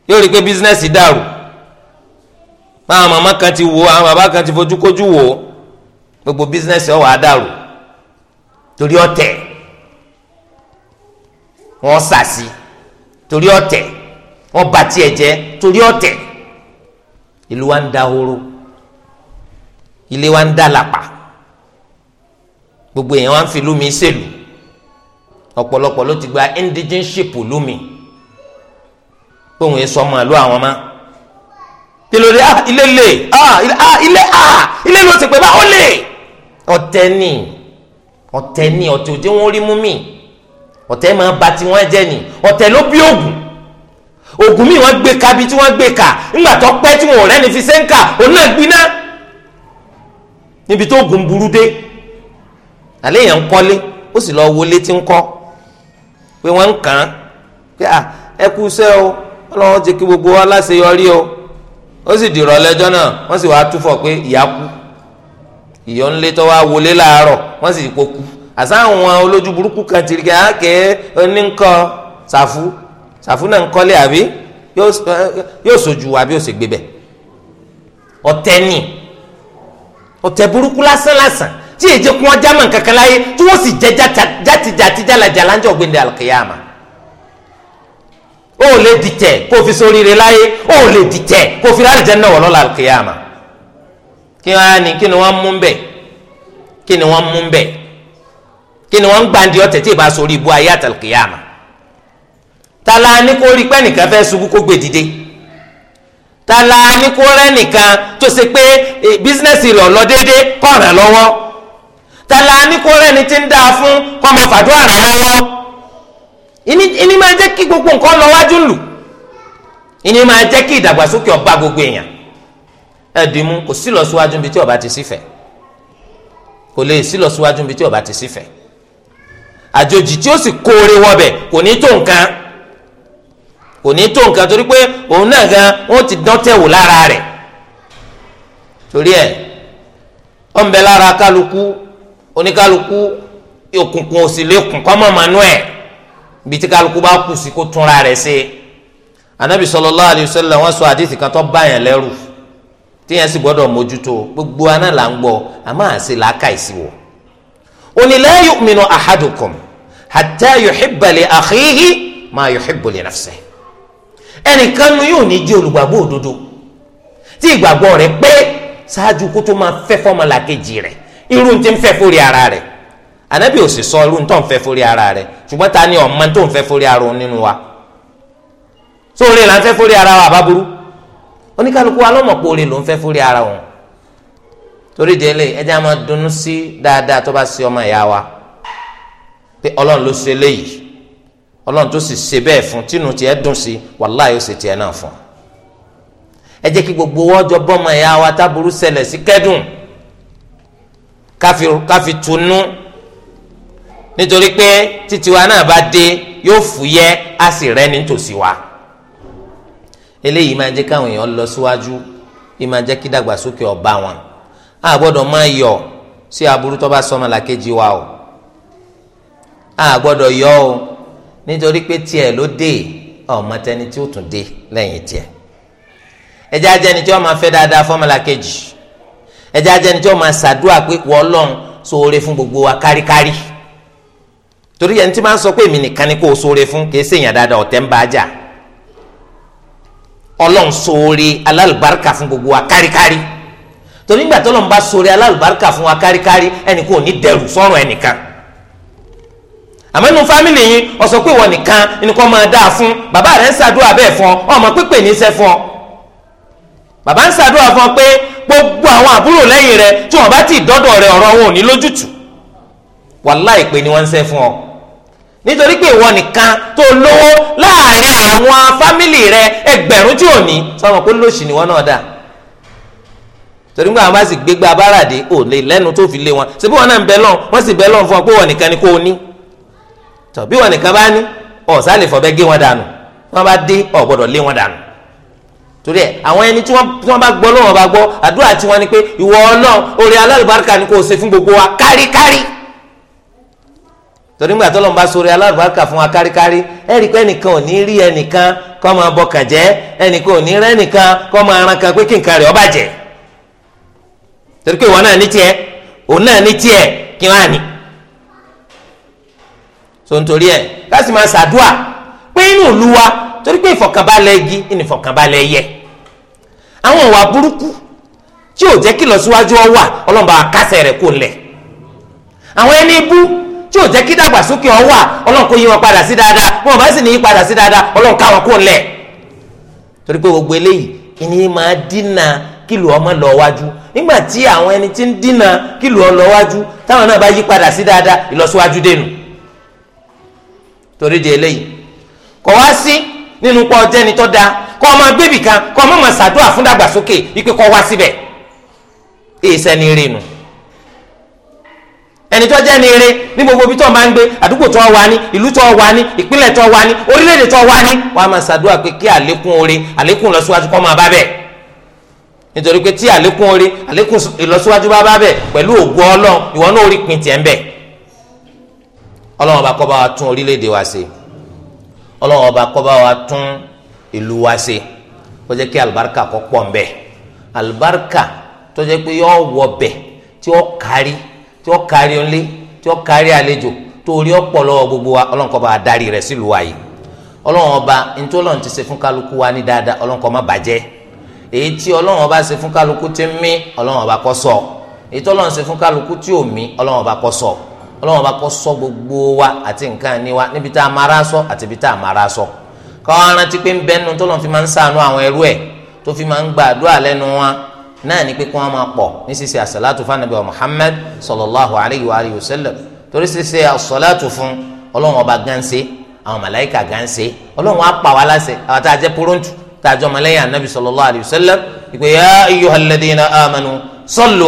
yóò rí i pé bísínẹ́sì dàrú àwọn màmá kan ti wo àwọn bàbá kan ti fojúkojú wo gbogbo bísínẹ́sì ọ̀wọ́ á dàrú torí ọ̀tẹ̀ wọ́n sàsí torí ọ̀tẹ̀ wọ́n bàtí ẹ̀ torí ọ̀tẹ̀ ìlú wa ń dahoro ilé wa ń dà lápá gbogbo èèyàn wa ń fi lumi ṣèlú ọ̀pọ̀lọpọ̀ ló ti gba indigenship lumi gbóhùn èso ọmọ àlọ́ àwọn ọmọ kí ló dé ah, ilé lè ah, ilé ah, ilé ló ti pè bá ó lè ọ̀tẹ̀ ni ọ̀tẹ̀ ni ọ̀tẹ̀ òjò wọn rí mú mi ọ̀tẹ̀ máa ba tí wọ́n ni ọ̀tẹ̀ ló bí ògùn ògùn mi wọ́n gbé ka bí tí wọ́n gbé ka ńgbà tó pẹ́ tí wọn ò rẹ́ni fi ṣe òun náà gbiná níbi tó gùn burú dé àlẹ́ yẹn ń kọ́lé ó sì lọ wọlé tí ń kọ́ pé wọ́n ń kàn án pé à ẹ kú iṣẹ́ o ọlọ́wọ́ ti kí gbogbo wa láṣeyọrí o ó sì dìrọ̀ lẹ́jọ́ náà wọ́n sì wáá túfọ̀ pé ìyá kú ìyọ́ ńlé tó wá wọlé láàárọ̀ wọ́n sì kó kú àsáwọn olójú burúkú kan ti rí kí àáké oníkan ṣàfù ṣàfù náà ń kọ́lé àbí yóò sojú àbí yóò ṣègbè bẹ̀ ọ̀tẹ́ni ọ̀tẹ̀ burúkú lásán lásán tí èyí jẹ́ kún wọn jámà kankan láyé tí wọ́n sì jẹ́ játijàti jálàjà láńjọ́ gbẹ̀ndẹ̀ àlùkìyàmà ó lè dìtẹ̀ kó fi sóríire láyé ó lè dìtẹ̀ kó fi ráàlìjẹ́ náà wọ̀ lọ́la àlùkìyàmà kí wọ́n á ní kí ni wọ́n mú bẹ̀ kí ni wọ́n mú bẹ̀ kí ni wọ́n gbàǹdì ọ̀tẹ̀ tí ìbá sórí ibú ayé àtàlùkìyàmà tala ni kó rí pẹ́ẹ́nìkan fẹ́ ṣubú kó gbé dìde tala ní nikan tó ṣe pé e, bísínẹ́sì lọ lọwọ tala ní ni ti n dáa fún kó máa fàdúrà lọwọ lọ́wọ́ ìní jẹ́ kí gbogbo nkan lọ wájú lù ìní jẹ́ kí ìdàgbàsókè ọba gbogbo èèyàn edimu kò sí síwájú tí ọba ti kò àjòjì tí ó sì kóore kò ní tó nǹkan kò ní tó nǹkan torí pé òun náà gan wọn ti dán tẹ̀wò lára rẹ̀ torí ẹ̀ ọ̀n bẹ lára kálukú oníkálukú òkùnkùn òsìlẹ̀kùn kọ́mọ manuel bí tí kálukú bá kù sí kó túnra rẹ̀ ṣe anabi sallallahu alayhi wa sallam wọn sọ àdìsí kan tó bá yẹn lẹ́rù tíyẹn sì gbọ́dọ̀ mójútó gbogbo aná là ń gbọ́ àmọ́ àṣẹ làákà ìsìwò oni la yu'minu ahadukum hatta yuhibba li akhihi ma yuhibbu li nafsihi ẹnìkan nu yóò ní jẹ́ olùgbàgbọ́ òdodo tí ìgbàgbọ́ rẹ̀ pé ṣáájú kó tó máa fẹ́ fọ́mọlàkejì rẹ̀ irú tí ń fẹ́ fórí ara rẹ̀ ànábì ò sì sọ irú tó ń fẹ́ fórí ara rẹ̀ ṣùgbọ́n ta ni ọ̀mọ tó ń fẹ́ fórí ara òun nínú wa sóore là ń fẹ́ fórí ara wa àbábúrú oníkálukú alọ́mọ̀pọ̀ òre ló ń fẹ́ fórí ara òun torí délé ẹjẹ́ a máa dunnú sí dáadáa tó bá sí ọmọ ìyá wa pé ọlọ́run ló ṣe léyìí ọlọ́run tó sì ṣe bẹ́ẹ̀ fún tínú tiẹ̀ dùn sí wàláyé ó ṣe tiẹ̀ náà fún ẹ jẹ́ kí gbogbo wọ́jọ bọ́mọ ẹ̀yà wa táburú ṣẹlẹ̀ sí kẹ́dùn káfi káfi tunú nítorí pé títí wa náà bá dé yóò fúyẹ́ á sì rẹ́ nítòsí wa eléyìí máa jẹ́ káwọn èèyàn lọ síwájú yìí máa jẹ́ kí dàgbàsókè ọba wọn a gbọ́dọ̀ máa yọ̀ sí aburú tó bá sọmọ làkejì wa o a gbọ́dọ̀ yọ̀ o nítorí pé tiẹ̀ ló dé ọmọ tẹni tí ó tún dé lẹ́yìn tiẹ̀ ẹjẹ ajẹni tí wọ́n máa fẹ́ dáadáa fọ́mọlá kejì ẹjẹ ajẹni tí wọ́n máa ṣàdúrà pé Ọlọ́run ṣoore fún gbogbo wa káríkárí torí ẹni tí máa ń sọ pé èmi nìkan ni kò ṣoore fún kì í ṣèyàn dáadáa ọ̀tẹ̀ ń bá a jà ọlọ́run ṣoore alálùbáríkà fún gbogbo wa káríkárí torí nígbà tó lọ́n bá ṣoore alálùbáríkà fún wa káríkárí ẹnì kò ní dẹrù sọ́rùn ẹnìkan àmọ́ inú fámìlì yín ọ̀sọ̀ pé ìwọ nìkan nìkan máa dáa fún bàbá rẹ̀ ń ṣàdúrà bẹ́ẹ̀ fún ọ ọmọ pípé níṣẹ́ fún ọ bàbá ń ṣàdúrà fún ọ pé gbogbo àwọn àbúrò lẹ́yìn rẹ tí wọ́n bá ti dọ́dọ̀ rẹ ọ̀rọ̀ wọn ò ní lójútù wàláì pé ni wọ́n ń ṣe fún ọ nítorí pé ìwọ nìkan tó lówó láàrin àwọn fámìlì rẹ ẹgbẹ̀rún tí ò ní sọmọ pé lóṣì ni wọ́n náà dà torí pé àwọn bá sì gbégbá abáràdé ò lè lẹ́nu tó fi lé wọn ṣebí wọn náà ń bẹ lọ́n wọ́n sì bẹ lọ́n fún ọ pé ìwọ nìkan ni kò ní tọ bí wọn nìkan bá ní ọ̀sá lè fọ̀bẹ gé wọn dànù wọn bá dé ò gbọ́dọ̀ lé wọn dànù torí ẹ àwọn ẹni tí wọn bá gbọ́ lọ́wọ́ bá gbọ́ àdúrà tiwọn ni pé ìwọ Ọlọ́run orí alálùbáríkà ni kò ṣe fún gbogbo wa káríkárí torí ńgbà tó lọ́n bá sori alárùbáríkà fún wa káríkárí ẹ̀rí pé ẹnìkan ò ní rí ẹnìkan kọ́ máa bọkàn jẹ́ ẹnìkan ò ní rẹ́ ẹnìkan kọ́ máa ran kan pé kí nǹkan rẹ̀ ó bàjẹ́ torí pé ìwọ náà ní tiẹ̀ òun náà ní tiẹ̀ kí wọ́n á ní. tó ń torí ẹ̀ láti máa ṣàdúà pé inú ìlú wa torí pé ìfọ̀kànbalẹ̀ igi ní ìfọ̀kànbalẹ̀ yẹ àwọn ìwà burúkú tí ò jẹ́ kí lọ́síwájú ọ wà ọlọ́mọba àkásẹ̀ rẹ̀ kò lẹ̀ àwọn ẹni ibú tí ò jẹ́ kí dàgbàsókè ọ wà ọlọ́run kò yí wọn padà sí dáadáa wọn bá sì ní yí padà sí dáadáa ọlọ́run ká wọn kò lẹ̀ torí pé gbogbo eléyìí ìní máa dínà kílù ọmọ lọ waju nigbati tí àwọn ti tí ń dínà kílù lọ wájú táwọn náà bá yí padà sí dáadáa ìlọsíwájú dénú torí di eléyìí kò wá sí nínú pọ̀ jẹ́ni tó dáa kọ́ ọmọ bébì kan kọ́ ọmọ máa ṣàdúrà fún dàgbàsókè wípé kọ́ wá síbẹ̀ èsẹ́ni rí nu ẹni tó jẹ́ ni ire ní gbogbo ibi tó máa ń gbé àdúgbò tó wà ní ìlú tó wà ní ìpínlẹ̀ tó wà ní orílẹ̀-èdè tó wà ní wàá máa ṣàdúrà pé kí àlékún oore àlékún ìlọsíwájú kọ́ máa bá bẹ̀ nítorí pé tí àlékún oore àlékún ìlọsíwájú bá bá bẹ̀ pẹ̀lú ògo Ọlọ́run ìwọ náà orí pin tiẹ̀ ń bẹ̀ ọlọ́wọ́n bá kó bá wa tún orílẹ̀-èdè wa ṣe ọlọ́wọ́n bá kó bá wa tún ìlú wa ṣe kó jẹ́ kí alibarika kó pọ̀ nbẹ̀ alibarika tó jẹ́ pé yọ wọ bẹ̀ tí ó kárí tí ó kárí ńlé tí ó kárí àlejò torí ọ̀pọ̀ lọ́wọ́ gbogbo wa ọlọ́wọ́n kó bá darí rẹ̀ sílùú wa yìí ọlọ́wọ́n ọba ntí ọlọ́run ti ṣe fún kálukú wa ní dáadáa ọlọ́run kó má bàjẹ́ èyí tí ọlọ́run ọba ṣe fún kálukú ti mí ọlọ́run ọba kó ṣọ́ èyí tí ọlọ́run ṣe fún kálukú tí ò mí ọlọ́run ọba kó ṣọ́ ọlọ́wọ́n bá kọ́ sọ gbogbo wa àti nǹkan ní wa níbi tá a máa ra sọ àti ibi tá a máa ra sọ káwọn arántí pé ń bẹnu tó lọ́n fi máa ń sànú àwọn ẹrú ẹ̀ tó fi máa ń gba àdúrà lẹ́nu wa náà ní pé kí wọ́n máa pọ̀ ní ṣíṣe àṣàlátù fún anabi Muhammad sallallahu alayhi wa alihi wa sallam torí ṣíṣe àṣàlátù fún ọlọ́wọ́n bá gánṣe àwọn màláìkà gánṣe ọlọ́wọ́n á pa wá láṣẹ àwọn tá a jẹ́ puruntu anabi sallallahu alayhi wa sallam ìpè yá ayyuhalladhina amanu sallu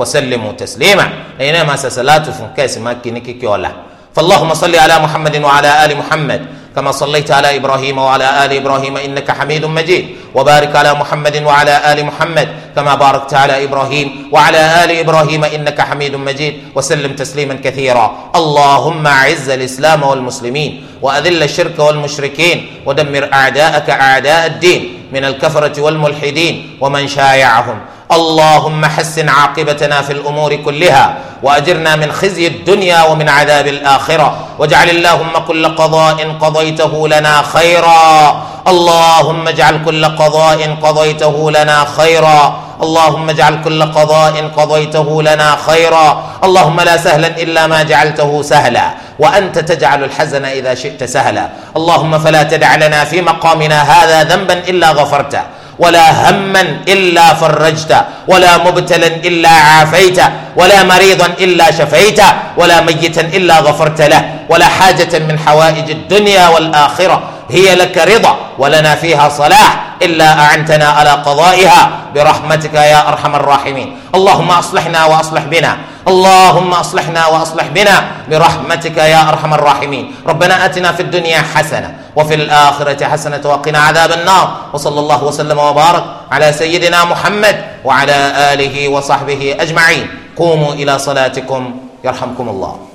وسلموا تسليما اينما سسلات فنكاس ما salatu fún فاللهم صل على محمد وعلى آل محمد كما صليت على إبراهيم وعلى آل إبراهيم إنك حميد مجيد وبارك على محمد وعلى آل محمد كما باركت على إبراهيم وعلى آل إبراهيم إنك حميد مجيد وسلم تسليما كثيرا اللهم أعز الإسلام والمسلمين وأذل الشرك والمشركين ودمر أعداءك أعداء الدين من الكفرة والملحدين ومن شايعهم اللهم حسن عاقبتنا في الامور كلها واجرنا من خزي الدنيا ومن عذاب الاخره واجعل اللهم كل قضاء قضيته لنا خيرا اللهم اجعل كل قضاء قضيته لنا خيرا اللهم اجعل كل قضاء قضيته لنا خيرا اللهم لا سهلا الا ما جعلته سهلا وانت تجعل الحزن اذا شئت سهلا اللهم فلا تدع لنا في مقامنا هذا ذنبا الا غفرته ولا هما إلا فرجت ولا مبتلا إلا عافيت ولا مريضا إلا شفيت ولا ميتا إلا غفرت له ولا حاجة من حوائج الدنيا والآخرة هي لك رضا ولنا فيها صلاح إلا أعنتنا على قضائها برحمتك يا أرحم الراحمين اللهم أصلحنا وأصلح بنا اللهم اصلحنا واصلح بنا برحمتك يا ارحم الراحمين ربنا اتنا في الدنيا حسنه وفي الاخره حسنه وقنا عذاب النار وصلى الله وسلم وبارك على سيدنا محمد وعلى اله وصحبه اجمعين قوموا الى صلاتكم يرحمكم الله